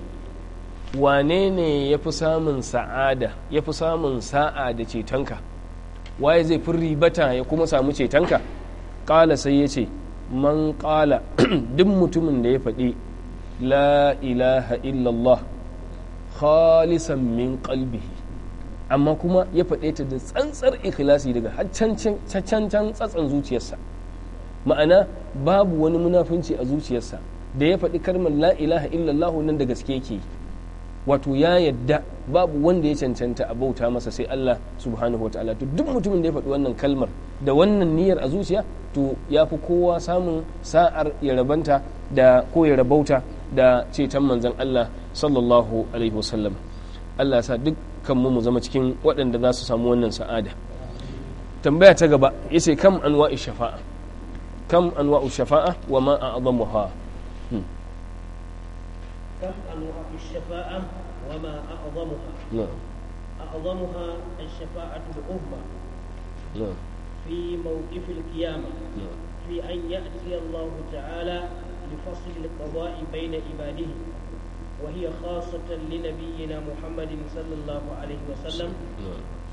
wane ne ya fi samun sa'ada ya fi samun sa'a da cetonka waye zai fi ribata ya kuma samu cetonka kala sai ya ce man kala duk mutumin da ya faɗi la ilaha illallah khalisan min kalbi amma kuma ya faɗe ta da tsantsar ikhlasi daga can-can tsatsan zuciyarsa ma'ana babu wani munafunci a zuciyarsa da ya faɗi kalmar la ilaha illallah nan da gaske yake wato ya yadda babu wanda ya cancanta a bauta masa sai Allah subhanahu wataala to duk mutumin da ya faɗi wannan kalmar da wannan niyyar a zuciya to ya fi kowa samun sa'ar ya rabanta da ko ya rabauta da ceton manzan Allah sallallahu alaihi wasallam Allah ya sa dukkan mu zama cikin waɗanda za su samu wannan sa'ada tambaya ta gaba yace kam anwa'i shafa'a kam anwa'u shafa'a wa ma a'zamuha kam anwa'u shafa'a wa ma a'zamuha na'am أعظمها الشفاعة العظمى في موقف القيامة في أن يأتي الله تعالى لفصل القضاء بين عباده وهي خاصة لنبينا محمد صلى الله عليه وسلم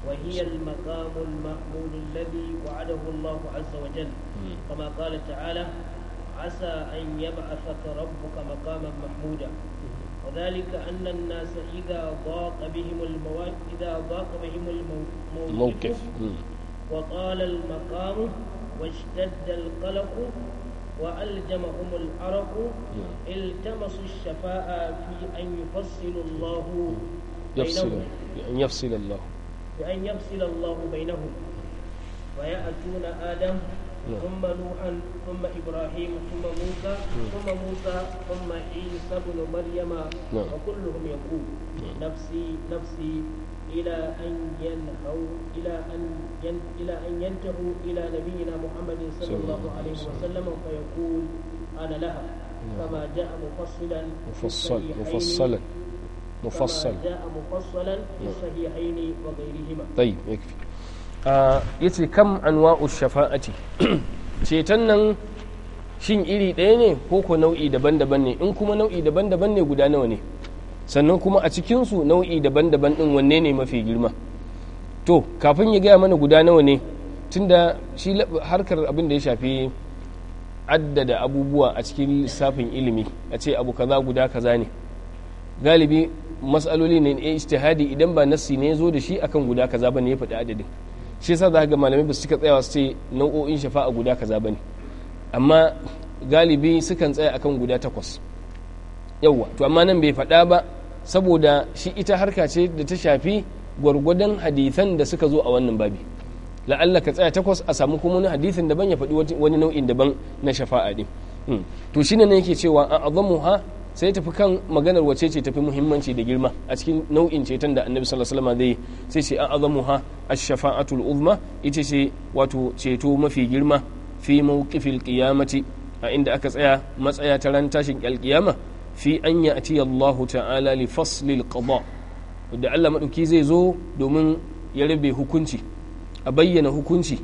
وهي المقام المأمون الذي وعده الله عز وجل كما قال تعالى عسى أن يبعثك ربك مقاما محمودا وذلك أن الناس إذا ضاق بهم المواقف إذا ضاق بهم الموقف وطال المقام واشتد القلق وألجمهم الأرق التمسوا الشفاء في أن يفصل الله يفصل أن يفصل الله بأن يفصل الله بينهم ويأتون آدم ثم نوحا ثم إبراهيم ثم موسى ثم موسى ثم عيسى بن مريم وكلهم يقول نفسي نفسي إلى أن ينهوا إلى أن ين إلى أن ينتهوا إلى نبينا محمد صلى الله عليه وسلم فيقول أنا لها كما جاء مفصلا مفصل مفصلا مفصل جاء مفصلا في الصحيحين وغيرهما طيب يكفي yace kam anwa'u shafa'ati ceton nan shin iri ɗaya ne ko ko nau'i daban-daban ne in kuma nau'i daban-daban ne guda nawa ne sannan kuma a cikinsu nau'i daban-daban din wanne ne mafi girma to kafin ya gaya mana guda nawa ne tunda shi harkar abin da ya shafi addada abubuwa a cikin lissafin ilimi a ce abu kaza guda kaza ne galibi matsaloli ne na istihadi idan ba nassi ne zo da shi akan guda kaza ba ne ya faɗi adadin shi yasa za ga malamai ba su cika tsayawa su ce nau'o'in shafa'a guda kaza ba ne amma galibi sukan tsaya akan guda takwas yawwa to amma nan bai faɗa ba saboda shi ita harka ce da ta shafi gwargwadon hadithan da suka zo a wannan babi la'alla ka tsaya takwas a samu kuma wani hadithin daban ya faɗi wani nau'in daban na shafa'a ɗin hmm. to shi ne yake cewa a ha sai tafi kan maganar wace ce tafi muhimmanci da girma a cikin nau'in ceton da annabi sallallahu alaihi wasallam zai sai ce a azamuha a shafaatul uzma ita ce wato ceto mafi girma fi mawqifil qiyamati a inda aka tsaya matsaya ta ran tashin alkiyama fi an ya'ti Allah ta'ala li faslil qada da Allah madauki zai zo domin ya rabe hukunci a bayyana hukunci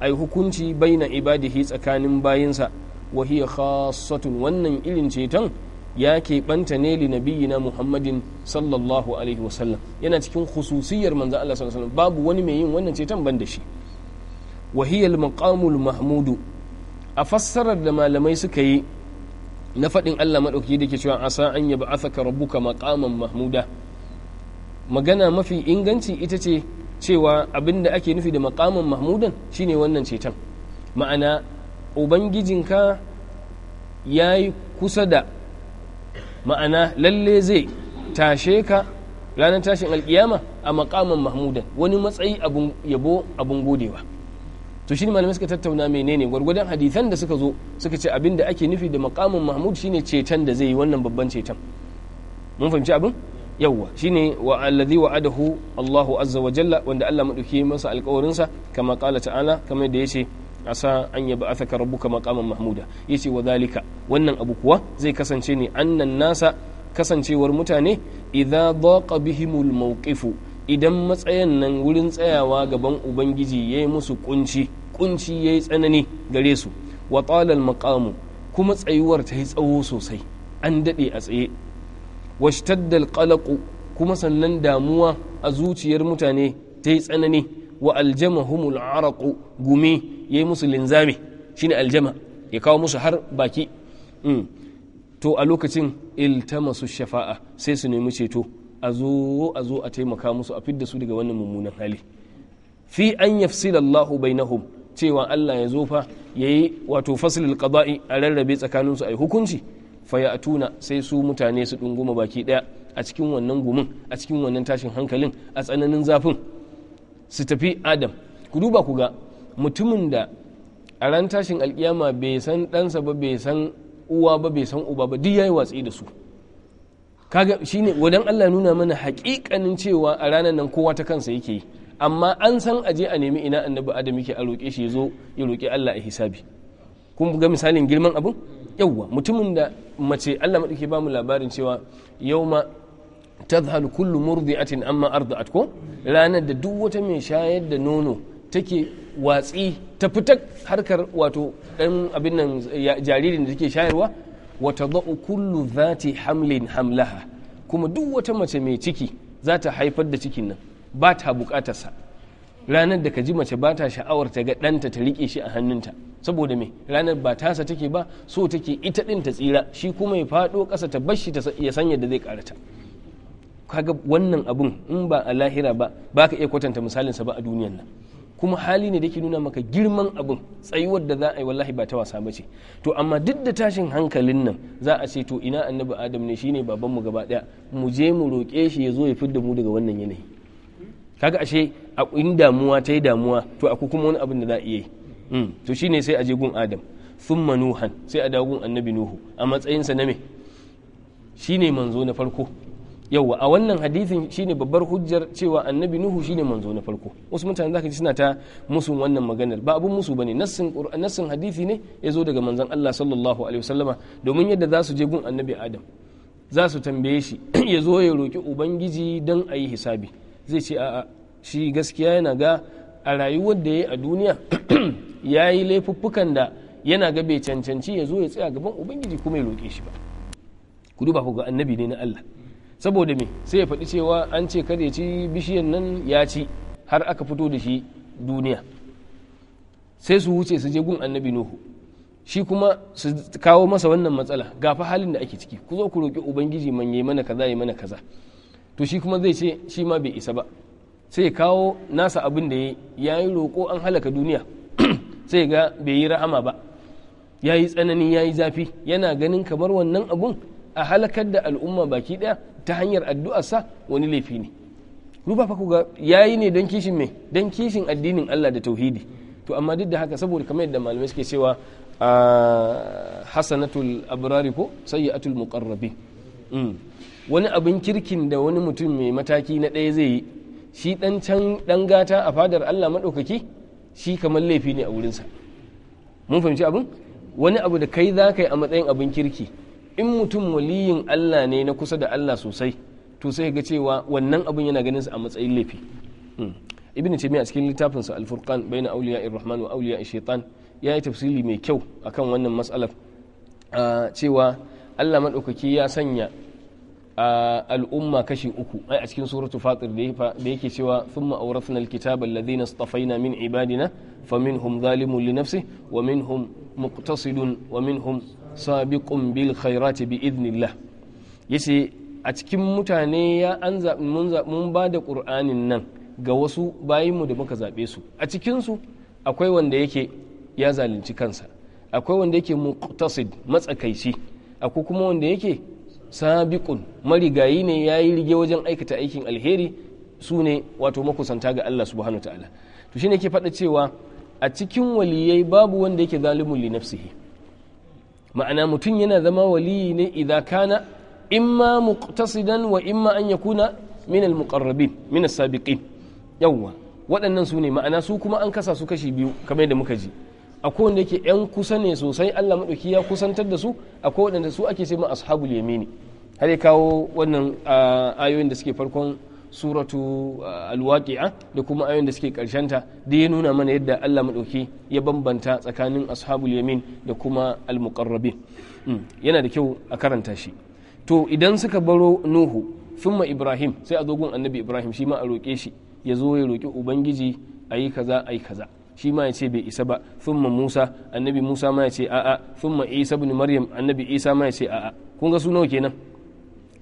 ai hukunci baina ibadihi tsakanin bayinsa wa hiya khassatun wannan irin ceton ya banta ne li nabiyina muhammadin sallallahu alaihi sallam. yana cikin khususiyar manzo Allah sallallahu alaihi babu wani mai yin wannan ceton ban da shi wa hiya al-maqamul mahmudu a fassarar da malamai suka yi na faɗin Allah maɗauki da ke cewa asa an yaba asaka rabbuka maƙaman mahmuda magana mafi inganci ita ce cewa abin da ake nufi da maƙaman mahmudan shine wannan ceton ma'ana ubangijinka ya yi kusa da ma'ana lalle zai tashe ka ranar tashin alƙiyama a maƙaman mahmudan wani matsayi abun yabo abin godewa to shine malamai suka tattauna menene gwargwadon hadisan da suka zo suka ce abin da ake nufi da makamin mahmud shine ceton da zai yi wannan babban ceton mun fahimci abin yawwa shine wa alladhi wa'adahu Allahu azza wa jalla wanda Allah madauki masa alƙawarinsa kama qala ta'ala kamar da yace asa an yaba athaka rabbuka maqaman mahmuda yace wa zalika wannan abu kuwa zai kasance ne annan nasa kasancewar mutane idza daqa bihimul mawqifu idan matsayin nan wurin tsayawa gaban ubangiji ya yi musu kunci kunci ya yi tsanani gare su wa talal maqamu kuma tsayuwar ta yi tsawo sosai an daɗe a tsaye washtaddal qalaqu kuma sannan damuwa a zuciyar mutane ta yi tsanani wa aljamahumul araqu gumi ya yi musu linzami shine aljama ya kawo musu har baki hmm. to a lokacin iltamasu shafa'a sai su nemi ceto a zo a zo a taimaka musu a fidda su daga wannan mummunan hali fi an yafsila Allahu bainahum cewa Allah ya zo fa yayi wato faslul qada'i a rarrabe tsakanin su ai hukunci fa ya'tuna sai su mutane su dunguma baki ɗaya a cikin wannan gumin a cikin wannan tashin hankalin a tsananin zafin su tafi Adam ku duba ku ga mutumin da a ran tashin alkiyama bai san ɗansa ba bai san uwa ba bai san uba ba duk yayi watsi da su kaga shine wadan Allah nuna mana hakikanin cewa a ranar nan kowa ta kansa yake yi amma an san aje a nemi ina annabi adam yake a roƙe shi zo ya roƙi Allah a hisabi kun ga misalin girman abin yawwa mutumin da mace Allah madauke ba mu labarin cewa yauma tadhhal kullu murdi'atin amma arda'at ko ranar da duk wata mai shayar da nono take watsi ta fitar harkar wato dan abin nan jaririn da take shayarwa wata tadau kullu dhati hamlin hamlaha kuma duk wata mace mai ciki za ta haifar da cikin nan ba ta bukatarsa ranar da ka ji mace ba ta sha'awar ta ga ɗanta ta riƙe shi a hannunta saboda me ranar ba tasa take ba so take ita ɗin ta tsira shi kuma ya faɗo ƙasa ta bashi ta ya sanya da zai karata kaga wannan abun in ba a lahira ba ba ka iya kwatanta misalinsa ba a duniyan nan kuma hali ne da ke nuna maka girman abin tsayuwar da za a yi wallahi ba ta wasa bace to amma duk da tashin hankalin nan za a ce to ina annabi adam ne shine baban mu gaba daya mu je mu roƙe shi ya zo ya fidda mu daga wannan yanayi kaga ashe a in damuwa ta yi damuwa to akwai kuma wani abin da za a iya yi mm, to shine sai a je gun adam thumma nuhan sai a dawo gun annabi nuhu a matsayinsa na me shine manzo na farko yawa a wannan hadithin shine babbar hujjar cewa annabi nuhu shine manzo na farko wasu mutane zaka ji suna ta musu wannan maganar ba abun musu bane nassin nassin hadisi ne yazo daga manzon Allah sallallahu alaihi wasallama domin yadda za su je gun annabi adam za su tambaye shi yazo ya roki ubangiji dan ayi hisabi zai ce a'a shi gaskiya yana ga a rayuwar da ya a duniya yayi laifuffukan da yana ga bai cancanci ya zo ya tsaya gaban ubangiji kuma ya roke shi ba ku duba ku ga annabi ne na Allah saboda me sai ya faɗi cewa an ce kada ya ci bishiyan nan ya ci har aka fito da shi duniya sai su wuce su je gun annabi nuhu shi kuma su kawo masa wannan matsala ga fa halin da ake ciki ku zo ku roƙi ubangiji man yi mana kaza yi mana kaza to shi kuma zai ce shi ma bai isa ba sai ya kawo nasa abin da ya yi roƙo an halaka duniya sai ga bai yi rahama ba ya yi tsanani ya yi zafi yana ganin kamar wannan abun a halakar da al'umma baki ɗaya ta hanyar addu'arsa wani laifi ne ruba fa ya yayi ne dan kishin me dan kishin addinin Allah da tauhidi to amma duk da haka saboda kamar yadda malamai suke cewa hasanatul abrari ko sayyi'atul muqarrabi mm. wani abin kirkin da wani mutum mai mataki na ɗaya zai yi shi dan can dan gata a fadar Allah maɗaukaki shi kamar laifi ne a wurinsa mun fahimci abin wani abu da kai za ka yi a matsayin abin kirki in mutum waliyin Allah ne na kusa da Allah sosai to sai ga cewa wannan abin yana ganin sa a matsayin laifi hmm. ibn taymiya a cikin littafin sa al-furqan bayna awliya ar-rahman wa awliya shaitan ya yi tafsiri mai kyau akan wannan matsalar cewa Allah madaukaki ya sanya al'umma kashi uku ai a cikin suratul fatir da yake cewa thumma awrathna al-kitaba alladhina istafaina min ibadina faminhum zalimun li nafsihi wa minhum muqtasidun wa minhum sabiqun bil khairati bi idnillah yace a cikin mutane ya an mun mun ba da qur'anin nan ga wasu bayinmu da muka zabe su a cikin su akwai wanda yake ya zalunci kansa akwai wanda yake muqtasid matsakaici akwai kuma wanda yake sabiqun marigayi ne yayi rige wajen aikata aikin alheri su ne wato makusanta ga Allah subhanahu ta'ala to shine yake faɗa cewa a cikin waliyai babu wanda yake zalimun li nafsihi ma'ana mutum yana zama waliyi ne idan kana imma muqtasidan wa imma an yakuna min al-muqarrabin min as-sabiqin yawwa waɗannan su ne ma'ana su kuma an kasa su kashi biyu kamar yadda muka ji akwai wanda yake yan kusa ne sosai Allah madauki ya kusantar da su akwai waɗanda su ake ce ma ashabul yamini har ya kawo wannan ah, ayoyin da suke farkon suratu ah, alwaqi'a da kuma ayoyin da suke ta da ya nuna mana yadda Allah madauki ya bambanta tsakanin ashabul yamin da kuma almuqarrabin hmm, yana da kyau a karanta shi to idan suka baro nuhu thumma ibrahim sai a zo gun annabi ibrahim shi ma a roƙe shi ya zo ya roki ubangiji ayi kaza ayi kaza shi ma ya ce bai isa ba thumma musa annabi musa ma ya ce a'a thumma isa ibn maryam annabi isa ma ya ce a'a kun ga su nawa kenan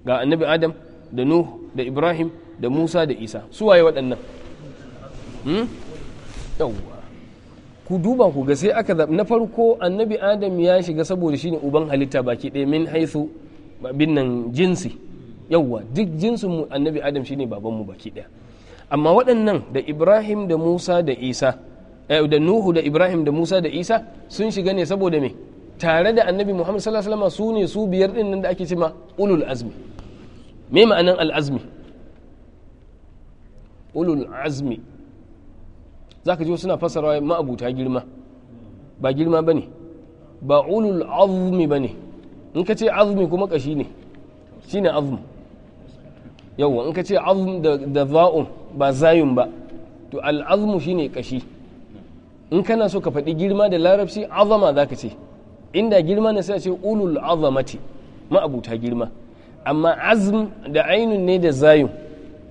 ga annabi adam da nuhu da ibrahim da musa da isa su waye waɗannan hmm? yawwa ku duba ku ga sai aka zaɓi na farko annabi adam ya shiga saboda shine uban halitta baki ɗaya min haisu bin nan jinsi yawwa duk jinsin annabi adam shine baban mu baki ɗaya amma waɗannan da ibrahim da musa da isa eh, da nuhu da ibrahim da musa da isa sun shiga ne saboda me tare da annabi muhammad sallallahu alaihi wasallam su ne su biyar ɗin nan da ake cima ulul azmi me ma'anan al azmi ulul azmi za ka ji suna fasarawa ma'abuta girma ba girma ba ne ba ulul azmi ba ne in ka ce azmi kuma kashi ne shi ne azmi yawwa in ka ce azmi da za'un ba zayun ba to al'azmu shi ne kashi in kana so ka faɗi girma da larabci azama za ka ce inda girma na sai a ce ulul azamati ma'abuta girma amma azm da ainun ne da zayun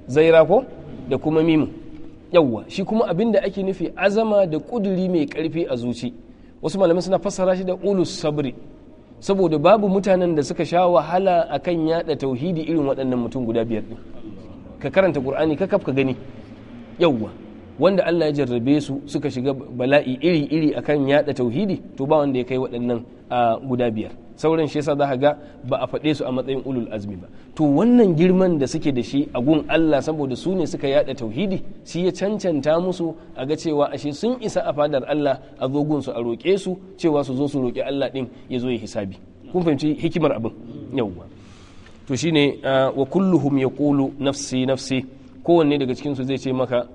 zaira ko da kuma mimu yawwa shi kuma abin da ake nufi azama da kuduri mai karfi a zuci wasu malamai suna fassara shi da ulus sabri saboda babu mutanen da suka sha wahala akan yada tauhidi irin waɗannan mutum guda biyar din ka karanta qur'ani ka kaf ka gani yawwa wanda Allah ya jarrabe su suka shiga bala'i iri iri akan yada tauhidi to ba wanda ya kai waɗannan guda biyar sauran shi yasa za ga ba a faɗe su a matsayin ulul azmi ba to wannan girman da suke da shi a gun Allah saboda su ne suka yada tauhidi shi ya cancanta musu a ga cewa ashe sun isa a fadar Allah a zo gun su a roƙe su cewa su zo su roƙi Allah din ya zo ya hisabi kun fahimci hikimar abin yawwa to shine wa kulluhum yaqulu nafsi nafsi kowanne daga cikin su zai ce maka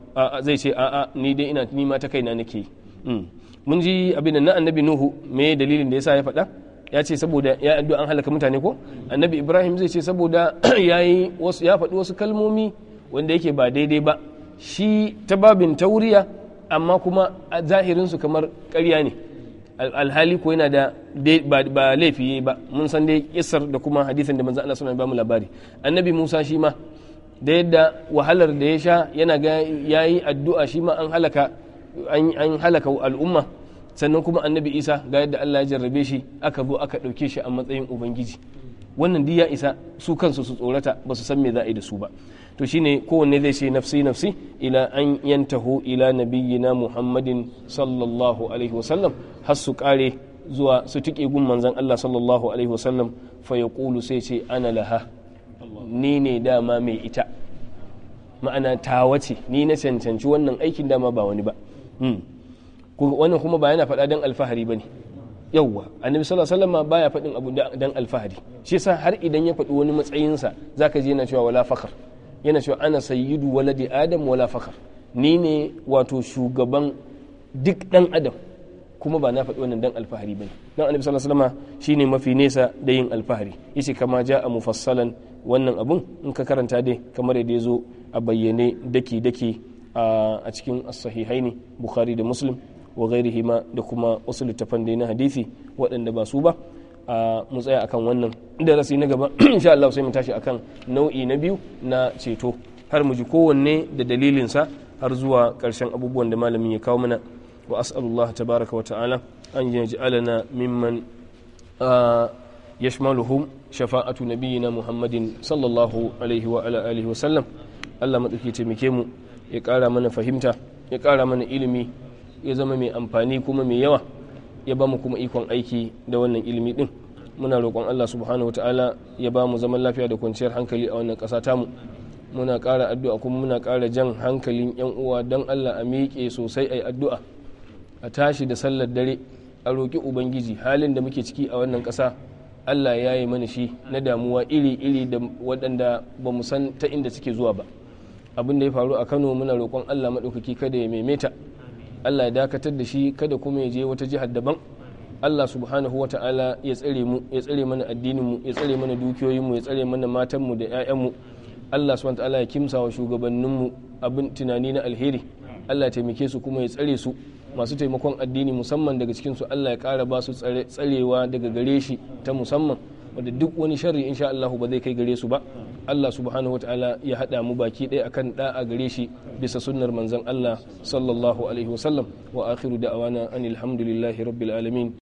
zai ce a'a ni dai ina ni ma ta kaina nake hmm. mun ji abin nan annabi nuhu me dalilin da yasa ya faɗa ya ce saboda ya addu'a an halaka mutane ko annabi ibrahim zai ce saboda yayi ya faɗi wasu kalmomi wanda yake ba daidai ba shi ta babin tauriya amma kuma zahirin su kamar ƙarya ne alhali ko yana da ba laifi ba mun san dai kisar da kuma hadisin da manzo Allah sallallahu alaihi labari annabi Musa shi ma da yadda wahalar da ya sha yana ga yayi addu'a shi ma an halaka al'umma sannan kuma annabi isa ga yadda allah ya jarrabe shi aka zo aka ɗauke shi a matsayin ubangiji wannan duk ya isa su kansu su tsorata ba su san me za a yi da su ba to shine kowanne zai ce nafsi nafsi ila an yantahu ila nabiyyina muhammadin sallallahu alaihi wasallam har su kare zuwa su tike gun manzon allah sallallahu alaihi wasallam fa sai ce ana laha ni ne dama mai ita ma'ana tawace ni na cancanci wannan aikin dama ba wani ba hmm. wannan kuma ba yana faɗa dan alfahari ne yawwa annabi sallallahu alaihi wasallam baya faɗin abu dan alfahari shi yasa har idan ya faɗi wani matsayinsa zaka je yana cewa wala fakar yana cewa ana sayyidu waladi adam wala fakar ni ne wato shugaban duk dan adam kuma ba na faɗi wannan dan alfahari bane dan annabi sallallahu alaihi wasallam shine mafi nesa da yin alfahari yace kama ja'a mufassalan wannan abun in ka karanta dai kamar yadda ya zo a bayyane daki daki a cikin as-sahihaini bukhari da muslim wa gairihi ma da kuma wasu littafan da na hadithi waɗanda ba su ba a mu tsaya akan wannan darasi na gaba insha Allah sai mu tashi akan nau'i na biyu na ceto har mu ji kowanne da dalilinsa har zuwa ƙarshen abubuwan da malamin ya kawo mana wa as'alullah tabaraka wa ta'ala an alana mimman yashmaluhum shafa'atu nabiyina muhammadin sallallahu alaihi wa ala alihi wa sallam Allah madauki taimake mu ya kara mana fahimta ya kara mana ilimi ya zama mai amfani kuma mai yawa ya ba mu kuma ikon aiki da wannan ilimi din muna roƙon Allah subhanahu wataala ya ba mu zaman lafiya da kwanciyar hankali a wannan ƙasa tamu muna ƙara addu'a kuma muna ƙara jan hankalin yan uwa don Allah a miƙe sosai ai addu'a a tashi da sallar dare a roƙi ubangiji halin da muke ciki a wannan ƙasa Allah ya yi mana shi na damuwa iri-iri da waɗanda ba mu san ta inda suke zuwa ba abin da ya faru a Kano muna roƙon Allah maɗaukaki kada ya maimaita Allah ya dakatar da shi kada kuma ya je wata jihar daban Allah subhanahu wa ta'ala ya tsare mu ya tsare mana addinin mu ya tsare mana dukiyoyin mu ya tsare mana matanmu da 'ya'yanmu mu Allah subhanahu wa ta'ala ya kimsa wa shugabannin mu abin tunani na alheri Allah ya taimake su kuma ya tsare su masu taimakon addini musamman daga cikin su Allah ya kara ba su tsarewa daga gare shi ta musamman wanda duk wani sharri insha Allah ba zai kai gare su ba Allah subhanahu ta'ala ya hada mu baki ɗaya akan da'a gare shi bisa sunnar manzon Allah sallallahu alaihi sallam wa akhiru da'wana anil hamdulillahi rabbil alamin